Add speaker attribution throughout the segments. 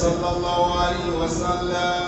Speaker 1: صلى الله عليه وسلم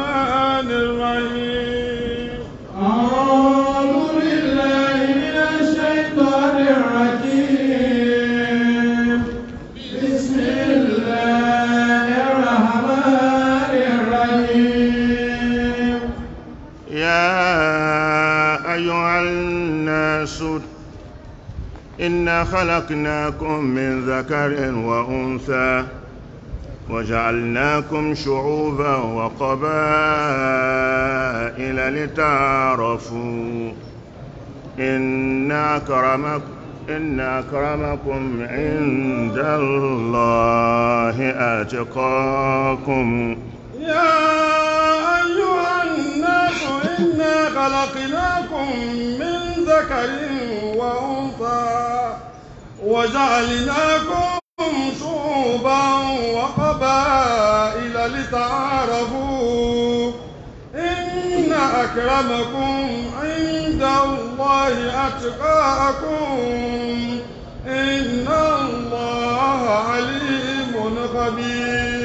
Speaker 2: خلقناكم من ذكر وأنثى وجعلناكم شعوبا وقبائل لتعرفوا إن أكرمكم إن أكرمكم عند الله أتقاكم
Speaker 1: يا أيها الناس إنا خلقناكم من ذكر وجعلناكم شعوبا وقبائل لتعارفوا إن أكرمكم عند الله أتقاكم إن الله عليم خبير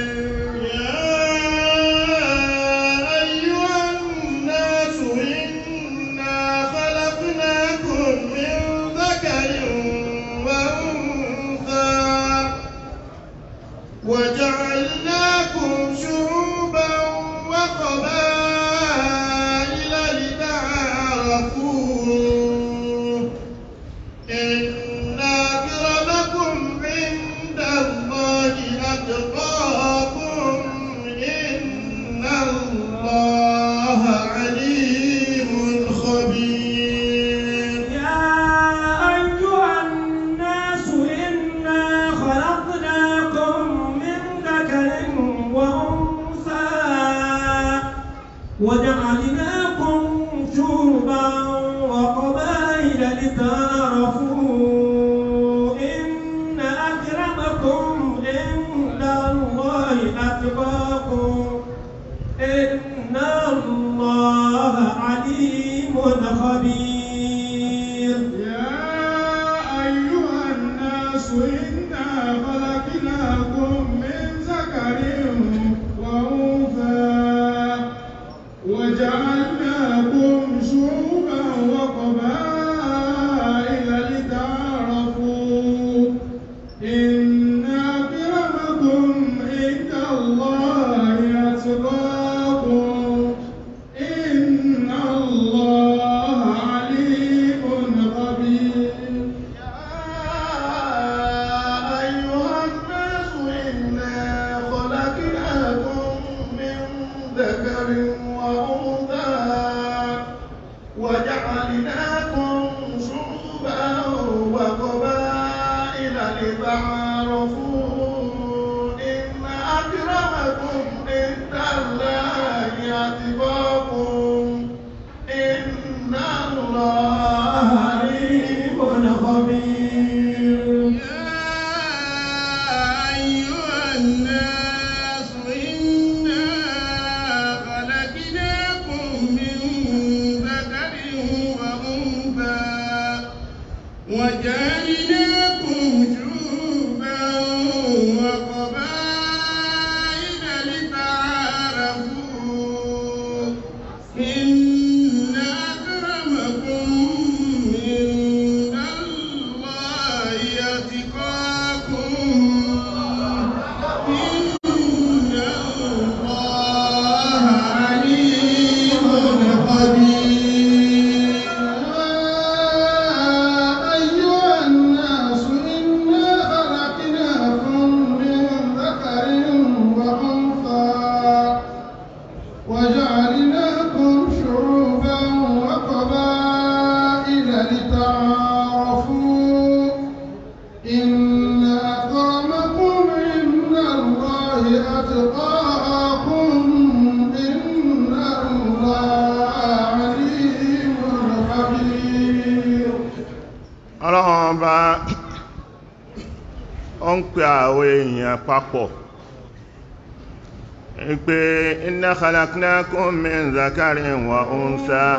Speaker 2: khalaqakum min zakarin wa unsa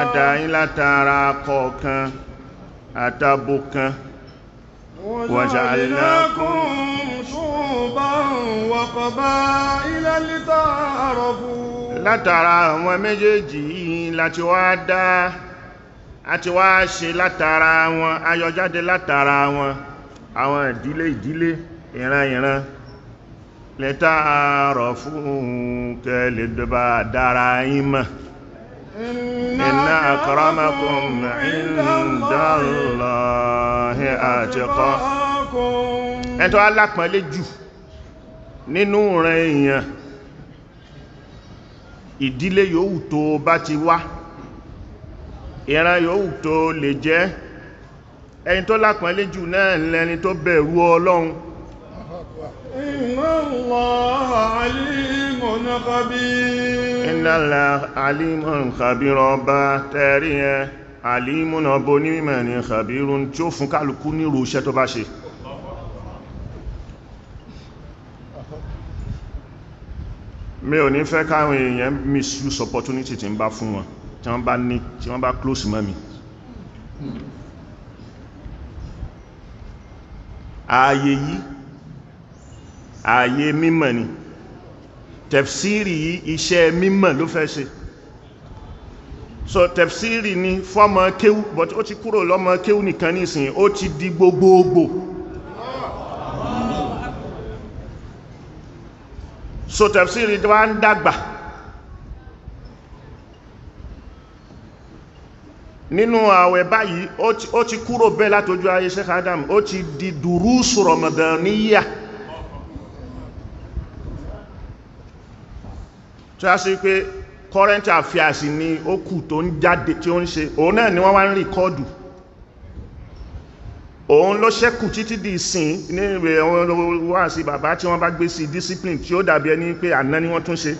Speaker 2: adáyín látara akọ kan àtàbò kan
Speaker 1: wa ja'alnakum shu'uban wa qaba'ila lita'arafu
Speaker 2: látara àwọn méjèèjì yìí láti wá dá àti wá ṣe látara wọn ayọjáde látara wọn àwọn ìdílé ìdílé ìran ìran lẹ́tàárọ̀ fún kẹlẹ̀ dọba dára yín mọ̀ iná akramakum indallahi àtẹ́kọ́ ẹ̀tọ́ alápọ̀lé jù nínú rẹ̀ èèyàn ìdílé yòówù tó bá ti wá ìran yòówù tó lè jẹ́ ẹni tó lápọ̀lé jù náà lẹni tó bẹ̀rù ọlọ́run Inna Allaha
Speaker 1: alimun khabir. Inna
Speaker 2: Allaha alimun khabir ọba tẹ́rí ẹ alimun ọba onímọ̀ ní khabirun tí ó fún kálukú ní irú iṣẹ́ tó bá ṣe mi ò ní fẹ́ káwọn èèyàn misuse opportunity tí ń bá fún wọn tí wọ́n bá ní tí wọ́n bá close mọ́ mi ààyè yìí ààyè mímọ̀ ni tẹ̀fsìrì yìí iṣẹ́ mímọ̀ ló fẹ́ ṣe so tẹ̀fsìrì ni fọ́mọ kéwú but ó ti kúrò lọ́mọ kéwú nìkan nìsìn ó ti di gbogbogbò so tẹ̀fsìrì wá ń dàgbà nínú àwẹ̀ báyìí ó ti kúrò bẹ́ẹ̀ látojú ayé sẹ́kàádàm ó ti di dùrúsù rọ̀mọ̀dàn níyà tó yá sí pé current affairs ni ó kù tó ń jáde tí ó ń ṣe òun náà ni wọ́n wá ń rìkọ́ọ̀dù òun ló ṣẹ́kù títí di ìsìn ní ìwé wá sí bàbá tí wọ́n bá gbé sí discipline tí ó dàbí ẹni pé àná ni wọ́n tún ṣe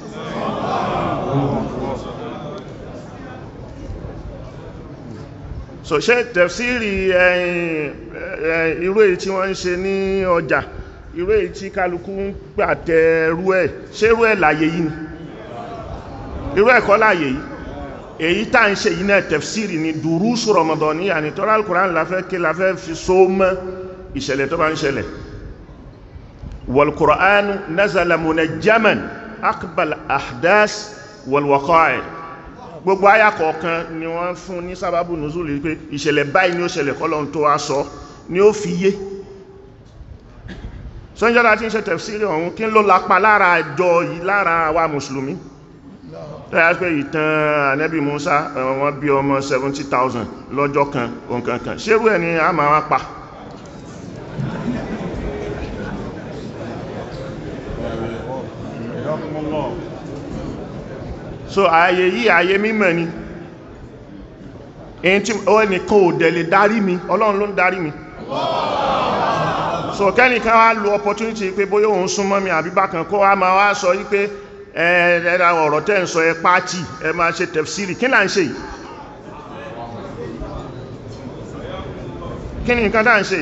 Speaker 2: so ṣe tẹ̀fsíìrì irú èyí tí wọ́n ń ṣe ní ọjà irú èyí tí kálukú ń pàtẹ rú ẹ̀ ṣé rú ẹ̀ láyé yìí ni irú ẹ̀kọ́ láàyè yìí èyí tá ń ṣe yìí náà tẹ̀fsìrì ni dùrúsù rọmọdọ̀ní ànitọ́rọ alukuran láfẹ́ kí láfẹ́ fi so mọ́ ìṣẹ̀lẹ̀ tó bá ń ṣẹlẹ̀ wọlkuran nazala munajjaman akbal ahdas wọlwakọ́ẹ̀ gbogbo aya kọ̀ọ̀kan ni wọ́n fún ní sábàbù nùzúlì pé ìṣẹ̀lẹ̀ báyìí ni ó ṣẹlẹ̀ kọ́lọ́n láyé pé ìtàn ànábì Musa wọ́n bí ọmọ 70,000 lọ́jọ́ kan òǹkankan ṣérú ẹ̀ ni a máa wá pa so ààyè yìí ààyè mímọ̀ ni èyí nìkan ò dẹ̀lẹ̀ darí mi ọlọ́run ló ń darí mi so kẹ́nìkan wá lo opportunity pé bóyá òun súnmọ́ mi àbí bákan kó wá máa wá sọ yí pé ẹ̀ẹ́dẹ̀dà ọ̀rọ̀ tẹ́ ń sọ ẹ pàtì ẹ máa ṣe tẹ̀fsìrì kí náà ń ṣe yìí kí ni nǹkan dáa ń ṣe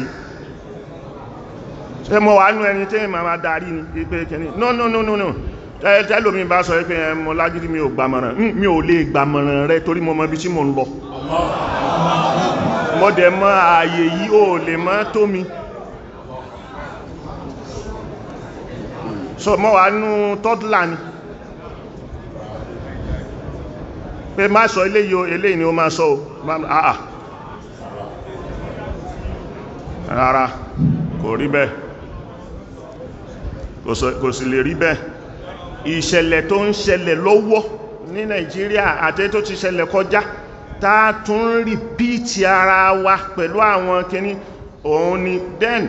Speaker 2: ṣe mọ̀ wà ẹni tí ma ma darí ní pé kí ni no no no no no tẹ́lómi bá sọ pé ẹmọ lágídí mi ò gbàmọ̀ràn hmm, mi ò lè gbàmọ̀ràn rẹ torí mo mọ ibi tí mo ń lọ mi so mo wà nú tọ́dúlà ni pé má sọ eléyìí o eléyìí ni ó máa sọ o àà rárá kò rí bẹ́ẹ̀ kò sì lè rí bẹ́ẹ̀ ìṣẹ̀lẹ̀ tó ń ṣẹlẹ̀ lọ́wọ́ ní Nàìjíríà àti tó ti ṣẹlẹ̀ kọjá tá a tún rìpíìtì ara wa pẹ̀lú àwọn kìíní òun ni den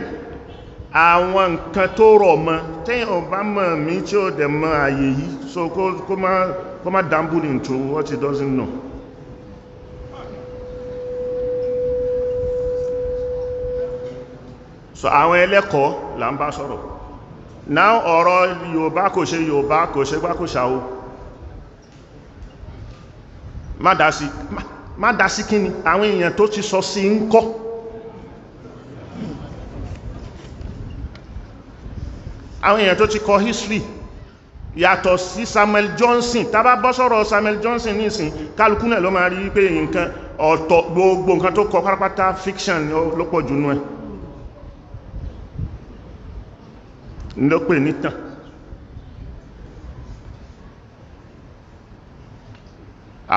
Speaker 2: àwọn nǹkan tó rọ̀ mọ́ téèyàn bá mọ̀ mí tí ó dẹ̀ mọ àyè yìí so kó máa kó má into what he doesn't know so àwọn ẹlẹ́kọ̀ọ́ là ń bá now ọ̀rọ̀ Yorùbá kò ṣe Yorùbá kò ṣe gbá kò ṣàwó má dá sí àwọn èèyàn ti sọ sí ń kọ́ àwọn èèyàn ti kọ history yàtọ̀ sí Samuel Johnson tàbá bọ́ Samuel Johnson nísìn kálukú náà ló máa rí pé nǹkan ọ̀tọ̀ gbogbo nǹkan tó kọ pátápátá fiction ló pọ̀ jù nú ẹ̀ ló pè nítàn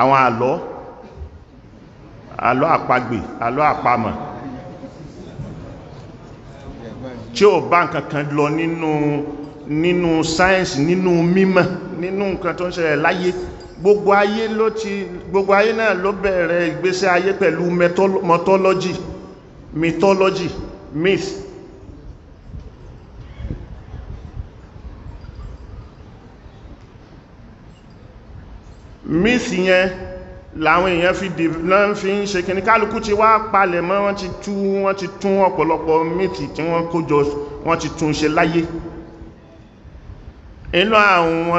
Speaker 2: àwọn àlọ́ àlọ́ àpagbè àlọ́ àpamọ̀ tí ó bá nǹkan kan lọ nínú no nínú sáyẹ̀nsì nínú mímọ̀ nínú nǹkan tó ń ṣẹlẹ̀ láyé gbogbo ayé ló ti gbogbo ayé náà ló bẹ̀rẹ̀ ìgbésẹ̀ ayé pẹ̀lú mythology mythology myth myth yẹn láwọn èèyàn fi dìbìnà fi ń ṣe kìní kálukú ti wá palẹ̀ mọ́ wọ́n ti tún ọ̀pọ̀lọpọ̀ myth tí wọ́n kójọ wọ́n ti tún ṣe láyé inú àwọn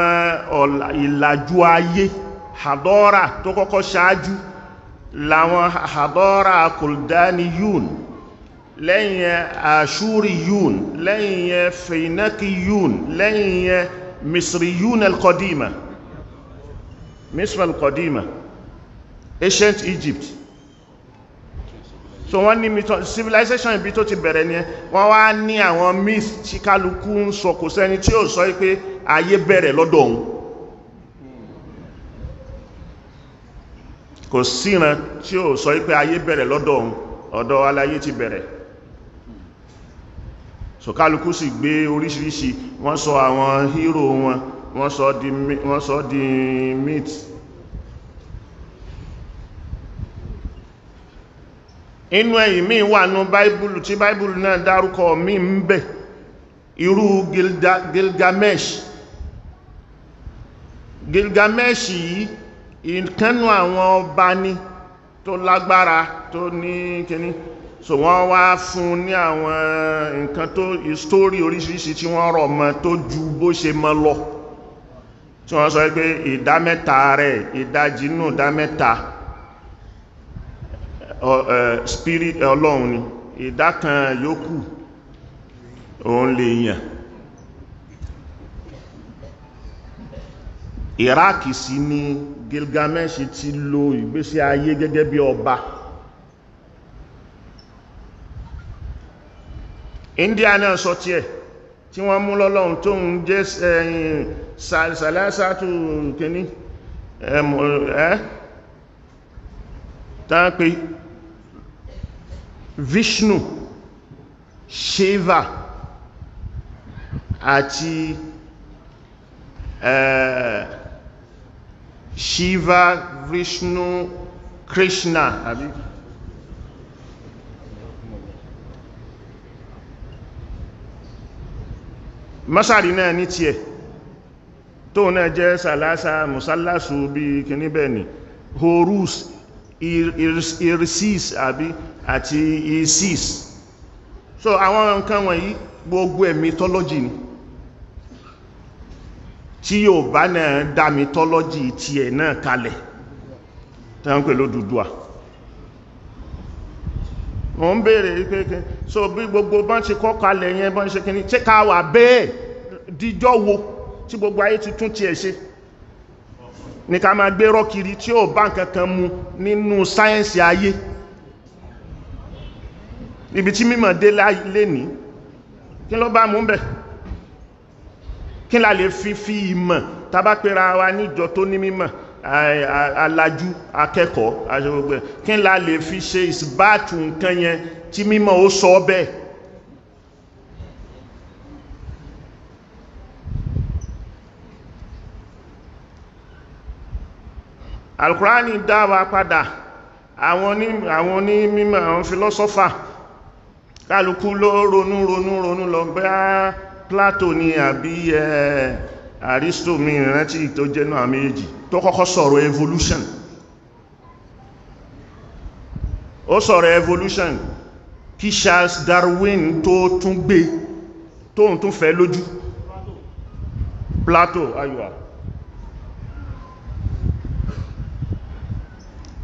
Speaker 2: eh, ìlàjú ayé hadora tó kọ́kọ́ ṣáájú láwọn hadora kuldani yun lẹ́yìn ashuri yun lẹ́yìn feinaki yun lẹ́yìn misri yun al-kodima misri al-kodima ancient egypt so wọ́n ní civilization ibi tó ti bẹ̀rẹ̀ ní wọ́n wá ní àwọn myth tí kálukú ń sọ kò sẹ́ni tí ó sọ pé ayé bẹ̀rẹ̀ lọ́dọ̀ òun kò síran tí ó sọ pé ayé bẹ̀rẹ̀ lọ́dọ̀ òun ọ̀dọ̀ aláyé ti bẹ̀rẹ̀ sọ̀kálukú sì gbé oríṣiríṣi wọ́n sọ àwọn hero wọn wọ́n sọ di meat inú ẹ̀yìn míì wà ní báìbùlù tí báìbùlù náà dárúkọ míì ń bẹ irú Gilgamesh Gilgamesh yìí ìkánnú àwọn ọba ni tó lágbára tó ní kíní so wọ́n wá fún ní àwọn nǹkan tó ìstórí oríṣiríṣi tí wọ́n rọ̀ mọ́ tó ju bó ṣe mọ́ lọ tí wọ́n sọ pé ìdá rẹ̀ ìdájì nù ìdá spirit ọlọ́run ni ìdá kan yòókù òun lè yàn iraq sí ní gilgamesh ti lo ìgbésí ayé gẹ́gẹ́ bí ọba india náà sọ tí ẹ̀ tí wọ́n mú lọ́lọ́run tó ń jẹ́ ẹ̀yìn eh, eh, sàlẹ́sàtù kìíní ẹ́ eh, tán vishnu shiva àti ẹ̀ẹ́ Shiva, Vishnu, Krishna. Abi. Masari náà ní tiẹ̀ tó náà jẹ́ Salasa, Musallasu bí kìní bẹ̀ni, Horus, Irsis àbí àti Isis. So àwọn nǹkan wọ̀nyí gbogbo ẹ̀ ni tí yóò bá náà dá mitọ́lọ́jì tí ẹ̀ náà kalẹ̀ tí wọ́n ń pè lódùdúà wọ́n ń bèèrè pé so bí gbogbo bọ́n ṣe kọ́ kalẹ̀ yẹn bọ́n ṣe kìíní tí ká wà bẹ́ẹ̀ díjọ́ wo tí gbogbo ayé ti tún tiẹ̀ ṣe ní ká máa gbé rọ́kiri tí ó bá nǹkan kan mu nínú sáyẹ́nsì ayé ibi tí mímọ̀ dé lé kí ló bá mú bẹ́ẹ̀ kí la lè fi fi ìmọ̀ tabapẹ̀ra wa níjọ tó ní mímọ̀ alájú akẹ́kọ̀ọ́ aṣọ́gbẹ̀ kí la lè fi ṣe ìsìbáàtù nǹkan yẹn tí mímọ̀ ó sọ bẹ́ẹ̀ alkùránì dáwà padà àwọn ní mímọ̀ àwọn fílọ́sọ́fà kálukú ló ronú ronú ronú lọ bẹ́ẹ̀ Plato ni àbí Aristo mi ìrántí tó jẹ́nú àmì èjì tó kọ́kọ́ sọ̀rọ̀ evolution ó sọ̀rọ̀ evolution kí Charles Darwin tó tún gbé tóhun tún fẹ́ lójú Plato ayúwà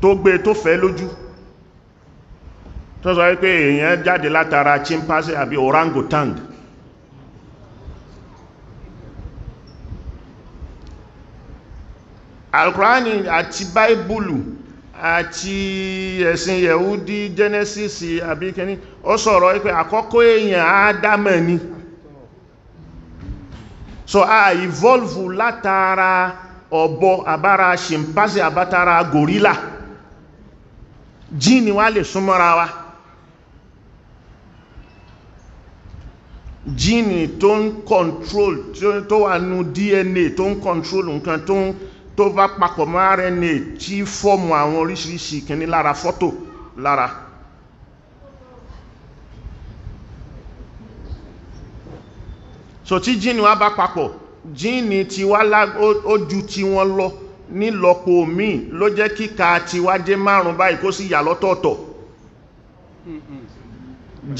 Speaker 2: tó gbé tó fẹ́ lójú tó sọ wípé èèyàn jáde látara chimpanzee àbí orangutan alkùránì àti báìbùlù àti ẹ̀sìn yẹ̀údí genesis àbíkẹni ó sọ̀rọ̀ pé àkọ́kọ́ èèyàn ádámẹ̀ ni so a evolve látara ọ̀bọ àbára chimpanzee àbátara gorilla jíni wá lè súnmọ́ra wa jíni tó ń control tó wà nú dna tó ń control nǹkan tó ń control tó bá papọ̀ mọ́ rna tí fọ́ọ̀mù àwọn oríṣiríṣi ìkíní lára fọ́tò lára so tí jíni wá bá papọ̀ jíni ti wá ojú tí wọ́n lọ nílọ́pọ̀ míì ló jẹ́ kíkà tí wá jẹ́ márùn báyìí kó sì yà lọ́tọ̀ọ̀tọ̀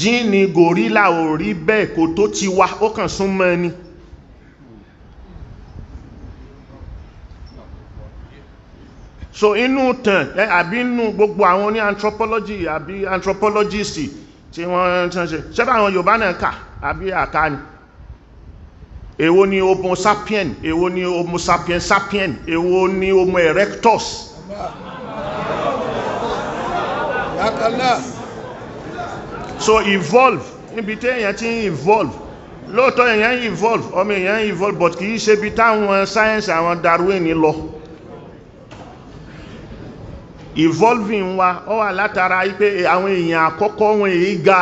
Speaker 2: jíni gòrílà ò rí bẹ́ẹ̀ kò tó ti wá ó kàn súnmọ́ ni mm -mm. so inú tàn àbí inú gbogbo àwọn ní anthropology àbí anthropologist tí wọ́n tán ṣe ṣẹ́bà àwọn Yorùbá náà kà àbí àká ni èwo ni homo sapien èwo ni homo sapien sapien èwo ni homo erectus so evolve níbi tí èyàn ti ń evolve lóòtọ́ èyàn evolve ọmọ èyàn evolve but kìí ṣe bí táwọn science àwọn Darwin lọ evolving wa ọ wà látara wípé àwọn èèyàn àkọ́kọ́ wọn èyí ga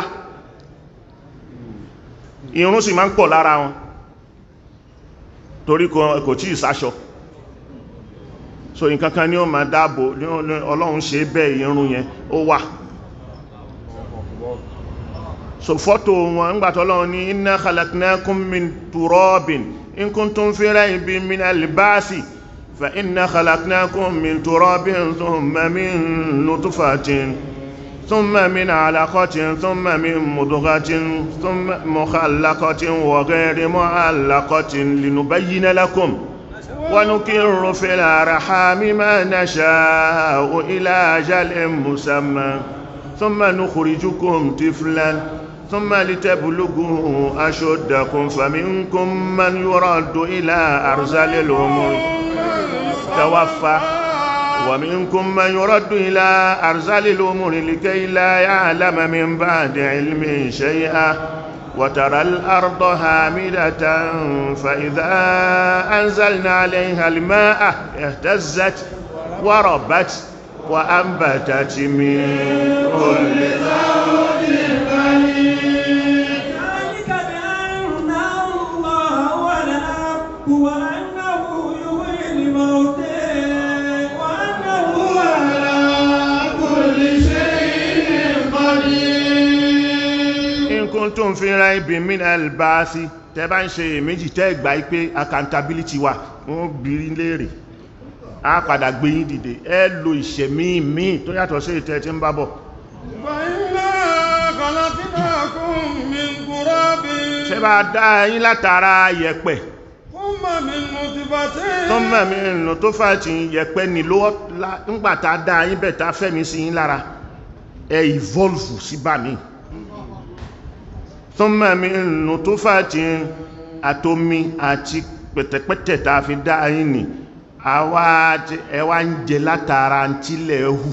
Speaker 2: irun sì máa ń pọ̀ lára wọn torí kò tí ìsáṣọ so nkankan ni o ma dáàbò ọlọ́run ṣe bẹ́ irun yẹn ó wà so fọ́tò wọn ńgbàtí ọlọ́run ní inna khalaqnakum min turabin in min فإنا خلقناكم من تراب ثم من نطفة ثم من علقة ثم من مضغة ثم مخلقة وغير معلقة لنبين لكم ونكر في الأرحام ما نشاء إلى أجل مسمى ثم نخرجكم طفلاً ثم لتبلغوا أشدكم فمنكم من يرد إلى أرزل الأمور توفى ومنكم من يرد إلى أرزل الأمور لكي لا يعلم من بعد علم شيئا وترى الأرض هامدة فإذا أنزلنا عليها الماء اهتزت وربت وأنبتت من كل
Speaker 1: زوج
Speaker 2: kuntum fi raibin min al-ba'thi tẹ́ bá ń ṣe èméjì tẹ́ ìgbà pé accountability wà wọ́n bìí léèrè a padà gbé yín dìde ẹ lo ìṣẹ̀mí míì tó yàtọ̀ sí ìtẹ́ tí ń bá bọ̀ ṣe bá dá yín látara yẹ̀pẹ̀ tó mẹ́mí ìrìnà tó fà tí yẹ̀pẹ̀ ní ló ńgbàtà dá yín bẹ̀ta fẹ́mi sí yín lára ẹ ìvolve sí bá mi. Si thumma min nutfatin àtomi àti pẹ̀tẹ̀pẹ̀tẹ̀ tá a fi dá yín ni àwa ẹwà ń jẹ látara tílẹ̀ hù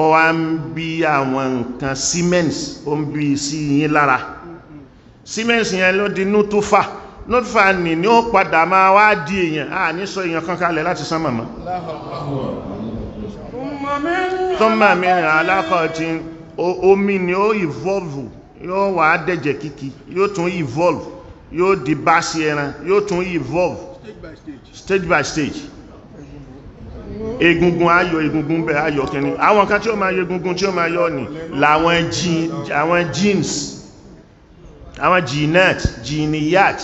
Speaker 2: ó wá ń bí àwọn nǹkan siemens ó ń bí sí yín lára siemens yẹn ló di nútúfà nútúfà nì ní ó padà máa wá di èèyàn a ní sọ èèyàn kan kalẹ̀ láti sánmà mọ́ tó mọ̀ mí alákọ̀ọ́tí omi ni ó ìvọ́lù yóò wà á dẹ̀jẹ̀ kíkí yóò tún evolve yóò di bá sí ẹran yóò tún evolve stage by stage egungun ayọ̀ egungun bẹ̀ ayọ̀ kìíní àwọn kan tí ó máa yọ egungun tí ó máa yọ ní làwọn àwọn genes àwọn genet geniyat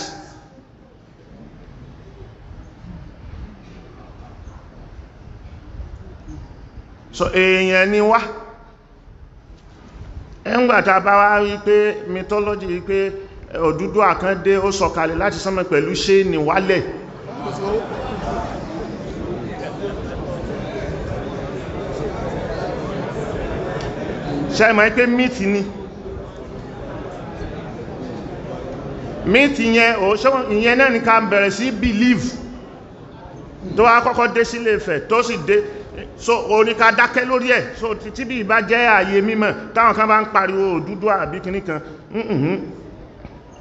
Speaker 2: so èèyàn ni wá ẹngbàtà bá wá rí pé mythology rí pé òdúdú àkándé ó sọ̀kalẹ̀ láti sánmọ̀ pẹ̀lú ṣe ní wálẹ̀ ṣẹ́mọ̀ pé míìtì ni míìtì yẹn ò ṣẹ́wọ̀n ìyẹn náà ní ká bẹ̀rẹ̀ sí believe tó wá kọ́kọ́ dé sílé Ifẹ̀ tó sì dé so oníka dákẹ́ lórí ẹ̀ so tí bí ìbá jẹ́ ààyè mímọ̀ táwọn kan bá ń pariwo òdúdó àbí kìíní kan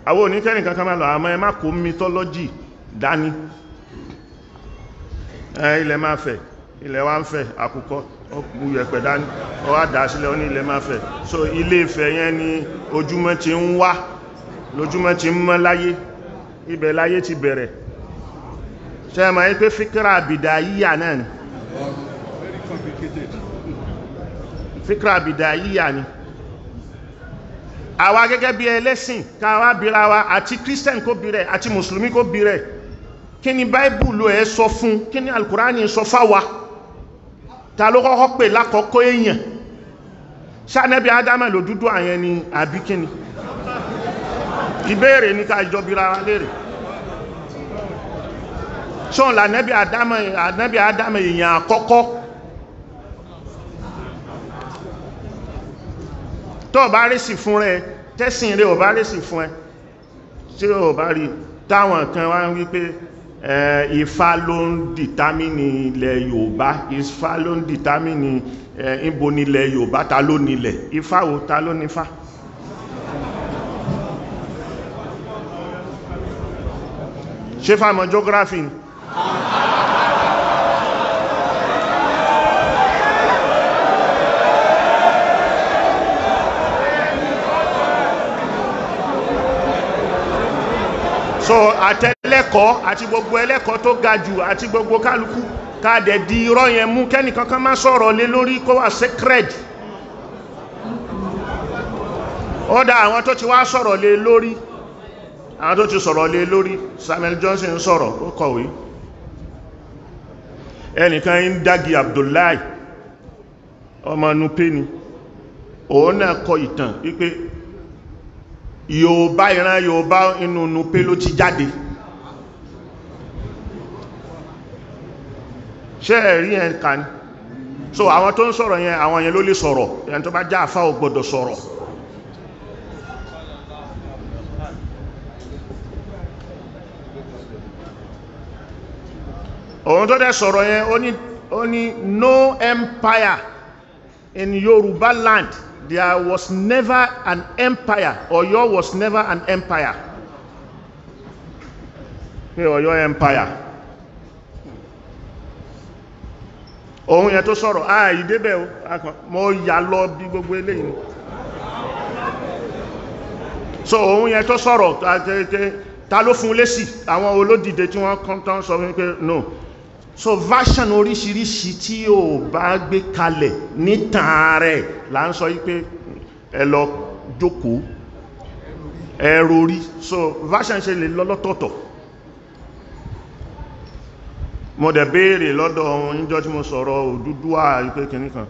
Speaker 2: àwọn oníkẹ́rin kankan máa lọ àmọ́ ẹ má kó mythology dání ilẹ̀ máa fẹ̀ ilẹ̀ wa ń fẹ̀ àkùkọ ọkùnrùyẹ̀pẹ̀ dání ọwá dà sílẹ̀ ó ní ilẹ̀ máa fẹ̀ so ilé Ifẹ̀ yẹn ni ojúmọ́ ti ń wá lójúmọ́ ti ń mọ́ láyé ibẹ̀ láyé ti bẹ̀rẹ̀ ṣe mọ̀ pé fíkírà àbìdà yíyà náà ni fíkra bìdà yíyà ni àwa gẹ́gẹ́ bí ẹlẹ́sìn káwà bíra wa àti christian kó bí rẹ̀ àti mùsùlùmí kó bí rẹ̀ kí ni báìbùlù ẹ̀ sọ fún kí ni alkùránì sọ fáwa ta ló kọ́kọ́ pè lákọ́kọ́ èèyàn ṣánẹ́bí adama ló dúdú àyẹn ni àbí kí ni ìbéèrè ní ká bíra wa léèrè ṣọ́n lànẹ́bí adama èèyàn àkọ́kọ́ tó bá rí sí fún rẹ tẹ́sìn rẹ ò bá rí sí fún ẹ tí ò bá rí táwọn kan wá ń wípé Ifá ló ń dìtámínì ilẹ̀ Yorùbá Ifá ló ń dìtámínì ìbò nílẹ̀ Yorùbá ta ló nílẹ̀ Ifá wo ta ló nífá ṣe fàmọ̀ geography so àtẹlẹ́kọ́ àti gbogbo ẹlẹ́kọ́ tó ga jù àti gbogbo kálukú káàdẹ̀ di irọ́ yẹn mú kẹ́nìkan kan má sọ̀rọ̀ lé lórí kó wà sacred ó àwọn tó ti wá sọ̀rọ̀ lé lórí àwọn tó ti sọ̀rọ̀ lé lórí Samuel Johnson sọ̀rọ̀ ó kọ̀wé ẹnìkan ń dági Abdullahi ọmọ nupé ni òun náà kọ ìtàn wípé Yorùbá ìran Yorùbá inú nupé ló ti jáde ṣe ẹ̀rí yẹn kà ní so àwọn tó ń sọ̀rọ̀ yẹn àwọn yẹn ló lè sọ̀rọ̀ yẹn tó bá já àfá ò gbọ́dọ̀ sọ̀rọ̀ òun tó dẹ̀ sọ̀rọ̀ yẹn ó ní no empire in Yorùbá land there was never an empire or your was never an empire Hey, or your empire ohun yẹn tó sọ̀rọ̀ ah ìdébẹ̀ ah, mọ́ yà lọ bí gbogbo eléyìí so ohun yẹn tó sọ̀rọ̀ ah, ta ló fún lésì àwọn olódìde tí wọ́n kọ́ tán sọ wípé no so version oríṣiríṣi tí o bá gbé kalẹ̀ ní tààrẹ̀ là ń sọ wípé ẹ lọ jókòó ẹ̀rọ so version ṣe lè lọ lọ́tọ̀ọ̀tọ̀ mo dẹ̀ béèrè lọ́dọ̀ ohun níjọ́ tí mo sọ̀rọ̀ Odùduwà wípé kìíní kan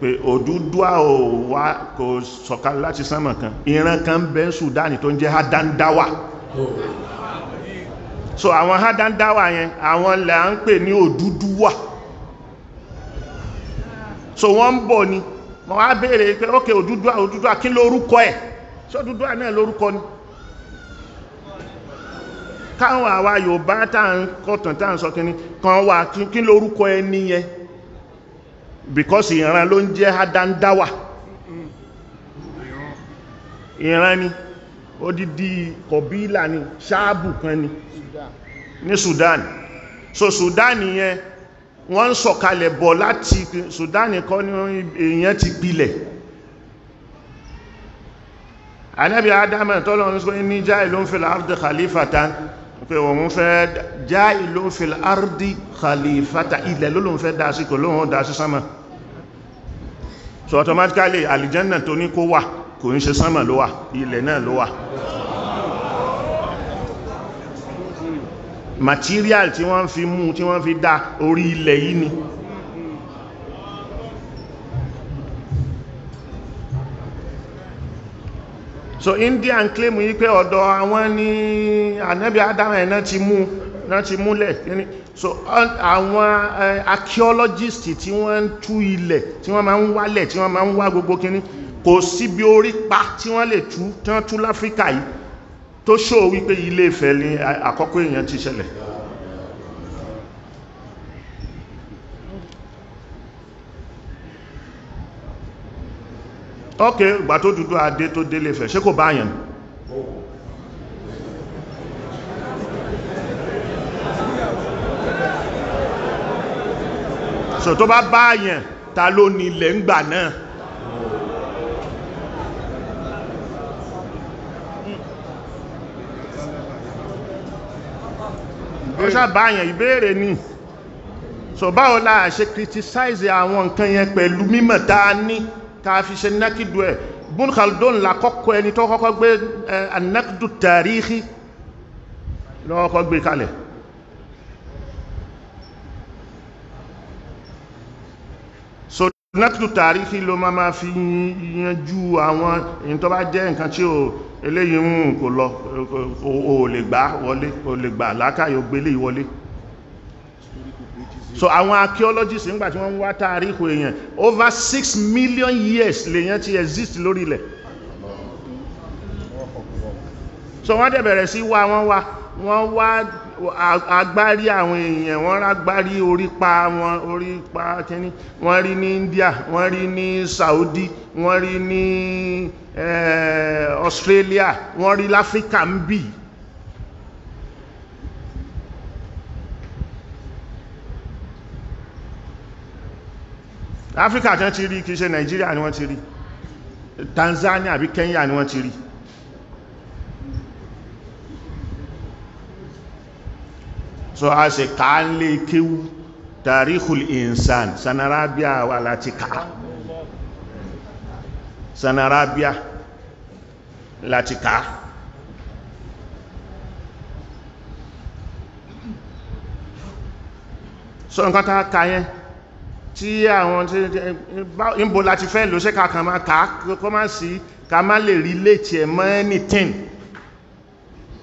Speaker 2: pé Odùduwà ò wá kò sọ̀kalẹ̀ láti sánmà kan ìran kan bẹ́ Sudan tó ń jẹ́ Adandawa
Speaker 3: oh.
Speaker 2: so àwọn hadandawa yẹn àwọn là ń pè ní so wọ́n ń bọ̀ ni wọ́n wá béèrè pé ókè Odùduwà Odùduwà kí lórúkọ ẹ̀ ṣé Odùduwà náà lórúkọ ni káwọn àwa Yorùbá tá à ń kọ̀tàn tá à wa ki kan wà kí lórúkọ ẹ nìyẹn because ìran ló ń jẹ́ ìran odidi kọ̀bílà ni ṣáàbù kan ni ní Sudan so Sudan yẹn wọ́n ń sọ̀kalẹ̀ bọ̀ láti Sudan kọ́ ní èèyàn ti pilẹ̀ anábi adama tọ́lọ̀ ń sọ ní jailun fil ardi khalifatan pé òun fẹ́ jailun fil ardi khalifatan ilẹ̀ ló lóun fẹ́ dásí kò lóun dásí so automatically alìjẹ́nà tó ní kó wà kò ń ṣe sánmà ló wà ilẹ̀ náà ló wà material tí wọ́n fi mú tí wọ́n fi dá orí ilẹ̀ yìí ni so Indian claim yí pé ọ̀dọ̀ àwọn ní ànábì adam ẹ̀nà ti mú náà ti múlẹ̀ so àwọn eh, archaeologist tí wọ́n ń tú ilẹ̀ tí wọ́n máa ń wálẹ̀ tí wọ́n máa ń wá gbogbo kìíní kò síbi orí pa tí wọ́n lè tú tán tú láfíríkà yìí tó ṣó wípé ilé ìfẹ́ ní àkọ́kọ́ èèyàn ti ṣẹlẹ̀ ok ìgbà tó dúdú adé tó délé ìfẹ́ ṣé kò báyàn so tó bá báyàn ta ló ní ilẹ̀ ń gbà náà ó sàbáyàn ìbéèrè ni so báwo la ṣe criticize àwọn nǹkan yẹn pẹ̀lú mímọ̀ tá ní tá fi ṣe nákìdù ẹ̀ Ibn Khaldun la kọ́kọ́ ẹni tó kọ́kọ́ gbé eh, anákìdù tàríhì lọ́kọ́ gbé kalẹ̀ nẹ́tù tàríkì ló máa ma fi yanjú àwọn èyí tó bá jẹ́ nǹkan tí ó eléyìí ń kò lọ o lè gbà wọlé o lè gbà lákàyò gbélé ìwọlé so àwọn archaeologists nígbà tí wọ́n ń wá tàríkì èyàn over six million years lèyàn ti exist lórí ilẹ̀ so wọ́n dẹ̀ bẹ̀rẹ̀ sí wá wọ́n wá wọ́n wá agbárí àwọn èèyàn wọ́n rágbárí orí pa wọn orí pa kíní wọ́n rí ní India wọ́n rí ní Saudi wọ́n rí ní eh, Australia wọ́n rí láfíríkà ń bì Áfíríkà tí wọ́n ti rí kìí ṣe Nàìjíríà ni wọ́n ti rí Tanzania àbí Kenya ni wọ́n ti rí so a ṣe ká ń lè kéwú tarikhul insan sanarabia wà láti ká sanarabia láti ká so nǹkan tá ká yẹn tí àwọn tí ń bo láti fẹ́ ló ṣe kàkàn máa ká kó má sí ká má lè rí léèkì ẹ̀mọ́ anything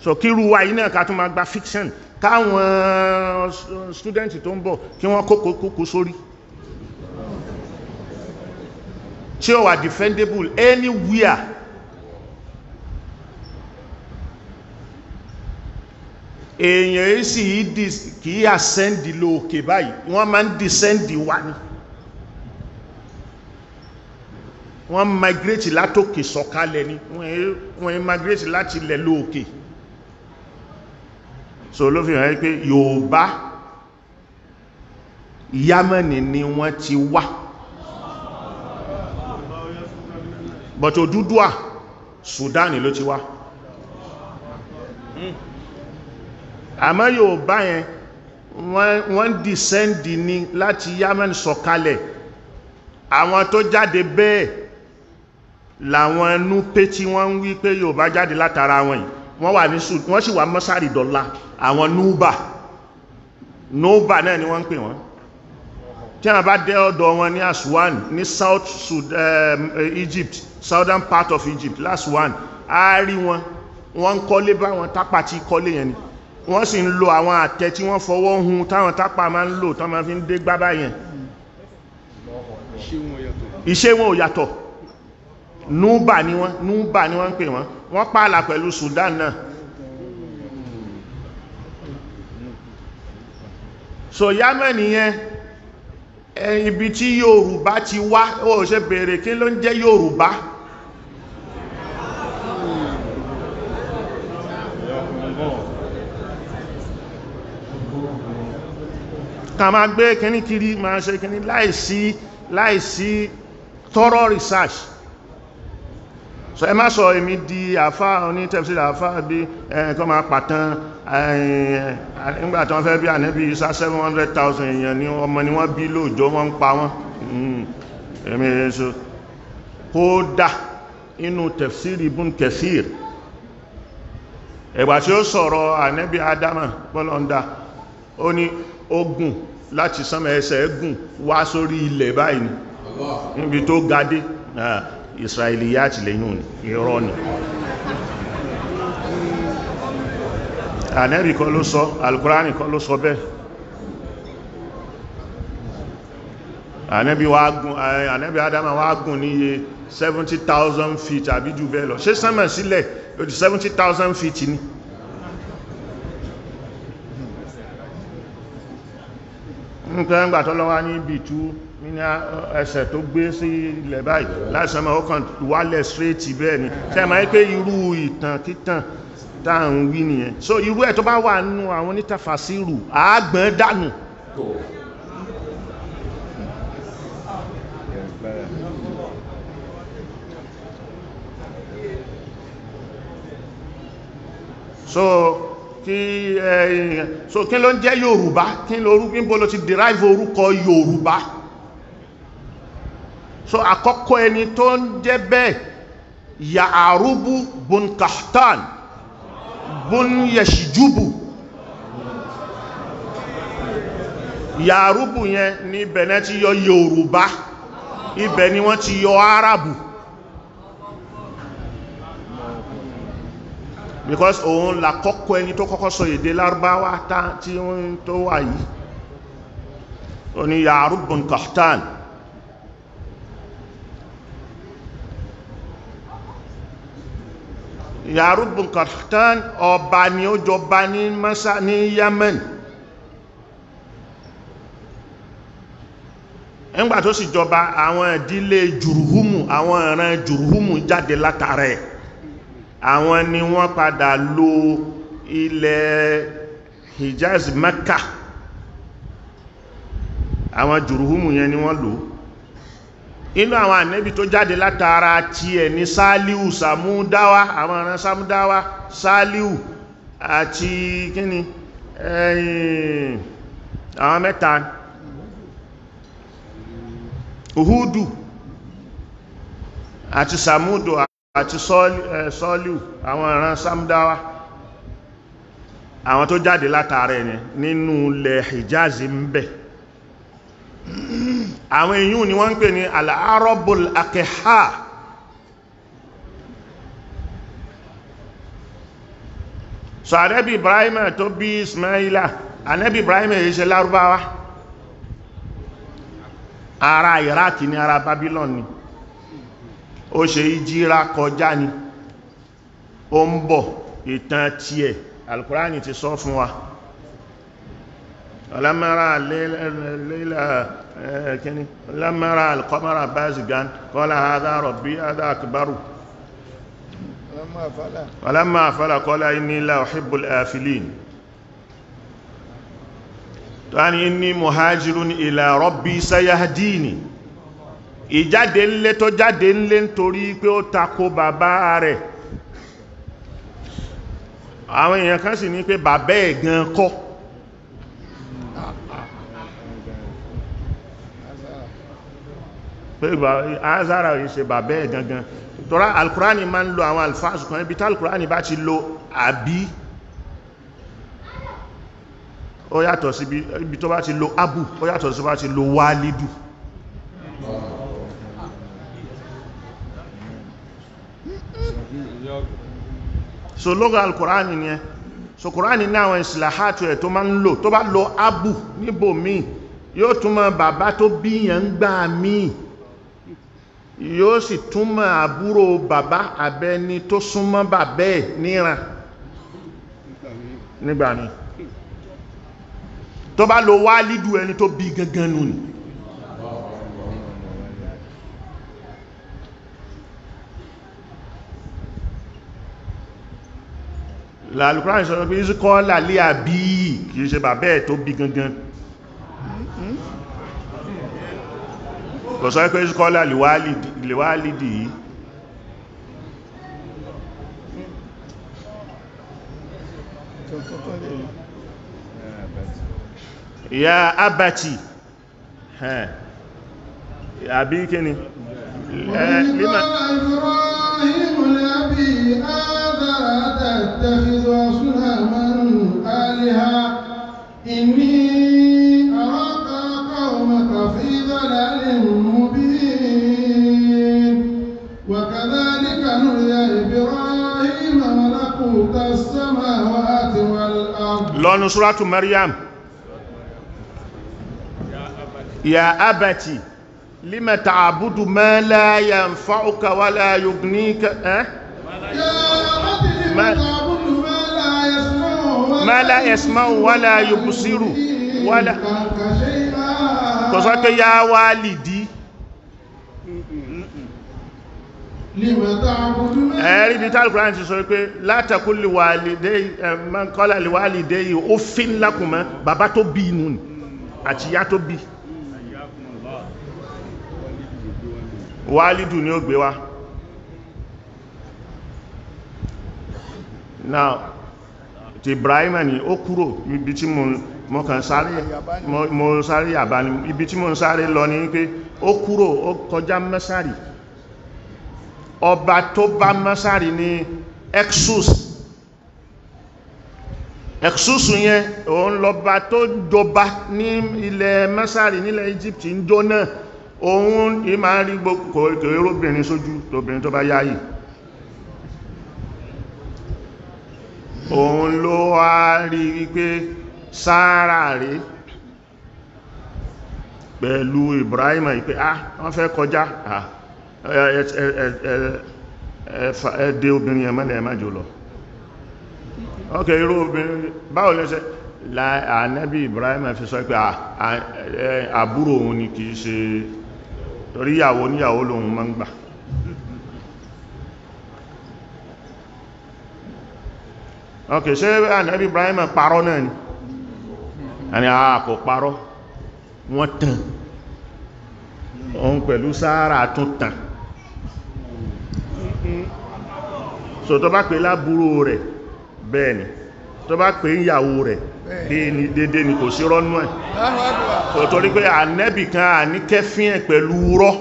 Speaker 2: so kírú wa yìí náà ká tún máa gba fiction káwọn student tó ń bọ̀ kí wọ́n kókò kókò sórí tí ó wà defendable anywhere èèyàn èyí sì kì í ascendi lọ òkè báyìí wọ́n máa ń descendi wá ní wọ́n migrate látòkè sọ̀kalẹ̀ ni wọ́n migrate láti ilẹ̀ lọ okay so ló fi hàn pé Yorùbá Yámẹ́nì ni wọ́n ti wá but Odùduwà Sudan ló ti wá àmọ́ Yorùbá yẹn wọ́n dìsẹ́ndì ni láti Yámẹ́nì sọ̀kalẹ̀ àwọn tó jáde bẹ́ẹ̀ làwọn ẹnu pé tí wọ́n ń wí pé Yorùbá jáde látara wọn yìí wọ́n wà ní sùd wọ́n sì wà mọ́sárì dọ́là àwọn núbà Nuba. náà ni wọ́n ń pè wọ́n tí wọ́n bá dé ọ̀dọ̀ wọn ní aswan ní south sud uh, egypt southern part of egypt last one a rí wọn wọ́n ń kọ́lé bá wọn tápà tí kọ́lé yẹn ni wọ́n sì ń lo àwọn àtẹ tí wọ́n fọwọ́ hun táwọn tápà máa ń lò tán máa fi ń dé gbábá yẹn iṣẹ́ wọn ò yàtọ̀ núbà ni wọ́n núbà ni wọ́n ń pè wọ́n wọ́n pààlà pẹ̀lú Sudan náà so Yemen yẹn ibi tí Yorùbá ti wá ó ṣe bèèrè kí ló ń jẹ́ Yorùbá ká máa gbé kíní kiri máa ṣe kíní láìsí láìsí thorough research so ẹ má sọ èmi di àfá oní tafsir àfá bí ẹ̀kọ́ ma pàtàn nígbàtí wọ́n fẹ́ bí ànẹ́bí isa 700,000 èèyàn ni ọmọ ni wọ́n bí lóòjọ́ wọ́n ń pa wọ́n hmm. èmi èso kódà inú tafsir ibn kathir ẹ̀gbà tí ó sọ̀rọ̀ ànẹ́bí adama bọ́lọ́ndà ó ní ogun láti sánmà ẹsẹ̀ ẹgùn wá sórí ilẹ̀ báyìí níbi tó gadé ah. Israiliyat lẹ́yìn irọ́ ni ànẹ́bì kọ́ ló sọ alkùránì kọ́ ló sọ bẹ́ẹ̀ ànẹ́bì wá gùn eh, ànẹ́bì adama wá gùn ní iye 70,000 feet àbí jù bẹ́ẹ̀ lọ ṣe sánmà sílẹ̀ ó di 70,000 feet ni nǹkan gbàtọ́lọ́wà ní bìtú ní ẹsẹ̀ tó gbé sí ilẹ̀ báyìí láìsànmọ́ ó kàn wálẹ̀ síréètì bẹ́ẹ̀ ni tẹ́mà é pé irú ìtàn títàn táà ń wí nìyẹn so irú ẹ̀ tó bá wà nínú àwọn onítàfàsírù àágbọ̀n dànù so kí ẹ̀ so kí ló ń jẹ́ Yorùbá kí ló rú kí ń bó ló ti derive orúkọ Yorùbá so àkọ́kọ́ ẹni tó ń jẹ́ bẹ́ẹ̀ ya'arubu bun kahtan bun yashijubu ya'arubu yẹn ní ibẹ̀ náà ti yọ yorùbá ibẹ̀ ni wọ́n ti yọ arabu because òun là kọ́kọ́ ẹni tó kọ́kọ́ sọ èdè lárúbáwá tí wọ́n tó wà yìí ó ní ya'arubu bun kahtan yarubun kọ̀tán ọba ni ó jọba ní mọ́sá ní yemen nígbà tó sì jọba àwọn ìdílé jùrùhùmù àwọn ìran jùrùhùmù jáde látara ẹ̀ àwọn ni wọ́n padà lo ilẹ̀ hijaz mecca àwọn jùrùhùmù yẹn ni wọ́n lòó inú àwọn ànẹ́bí tó jáde látara tí ẹ̀ ní sáàlíù sàmúdáwá àwọn ọ̀ràn sàmúdáwá sáàlíù àti kíni ẹ̀yìn àwọn mẹ́ta òhúdù àti sàmúdò àti sọ́ọ̀lù àwọn ọ̀ràn sàmúdáwá àwọn tó jáde látara ẹ̀ nínú ilẹ̀ hijazi ń bẹ̀ẹ́ àwọn èyún ni wọ́n ń pè ní al-arabul so anẹ́bì ibrahima tó bí ismaila anẹ́bì ibrahima èyí ṣe lárúbáwá ara iraq ni ara babylon ni ó ṣe ìjíra kọjá ni ó ń bọ̀ ìtàn tiẹ̀ alukurani ti sọ fún wa lamara leila eh, kini lamara alqamara bazigan qala hadha rabbi hadha akbaru ولما أفل قال إني لا أحب الآفلين tani inni muhajirun ila rabbi sayahdini ìjáde ńlé tó jáde ńlé nítorí pé ó tako bàbá rẹ̀ àwọn èèyàn kan sì ní pé bàbá ẹ̀ gan kọ́ azara yìí ṣe bàbẹ́ ẹ̀ gangan tọ́rá alkùránì máa ń lo àwọn alfáàsù kan ibi tí alkùránì bá ti lo àbí ó yàtọ̀ sí ibi tó bá ti lo abu ó yàtọ̀ sí bá ti lo wálidù so lọ́gọ́ alkùránì ni ẹ so kùránì ní àwọn ìsìláhátù ẹ̀ tó máa ń lò tó bá lo abu níbò míì yóò túnmọ̀ bàbá tó bíyàn gbà míì yóò sì túnmọ̀ àbúrò bàbá àbẹ́ni tó súnmọ́ bàbẹ́ ẹ̀ níran nígbà ní tó bá lo wá lídú ẹni tó bí gangan nù ní lálùkúrán ìṣọ́rọ̀ pé ìsìnkọ́ lálé àbí kìí ṣe bàbẹ́ tó bí gangan
Speaker 3: mm-hmm
Speaker 2: kò sọ pé kọ́lá lèwálìdì yìí ya abati àbí kíni lima
Speaker 4: ibrahimu inni
Speaker 2: wọnú suratu maryam ya abati lima ta'budu ma la yanfa'uka wa la yughnika eh ya abati lima ta'budu ma la yasma'u wa la yubsiru wa la kò ya walidi ẹ̀rí bí tàbí ti sọ pé látàkó kọ́lá lèwàlì dé yìí ó fi ńlákùnmọ́ bàbá tó bí inú ni àti ìyá tó bí wàálìdù ni ó gbé wá now ti Ibrahim ni ó kúrò ibi tí mo kàn sáré àbáni ibi tí mo ń sáré lọ ní pé ó kúrò ó kọjá mẹ́sàrì ọba tó bá mọ́sàrí ní exus exus yẹn òun lọba tó jọba ní ilẹ̀ mọ́sàrí nílẹ̀ Egypt ń jọ náà òun ìmá rí gbogbo kòróbìnrin sójú tóbìnrin tó bá yáyì òun ló wá rí wípé sára rí pẹ̀lú Ibrahim ìpé ah wọ́n fẹ́ kọjá ah ẹ̀dẹ́ obìnrin ẹ̀mọ́ lẹ̀ má jùlọ ok irú obìnrin báwo lẹ́sẹ̀ ànábì Ibrahim fi sọ pé àbúrò òun ni kìí ṣe torí ìyàwó níyàwó lòun máa ń gbà ok ṣe ànábì Ibrahim parọ́ náà ni àni àkọ́ parọ́ wọ́n tàn òun pẹ̀lú sáárà tún tàn so tó bá pè lábúrú rẹ̀ bẹ́ẹ̀ ni tó bá pè ń yàwó rẹ̀ dédé ni kò sí rọ́nú ẹ̀ so torí pé ànẹ́bì kan à ní kẹfín ẹ̀ pẹ̀lú rọ́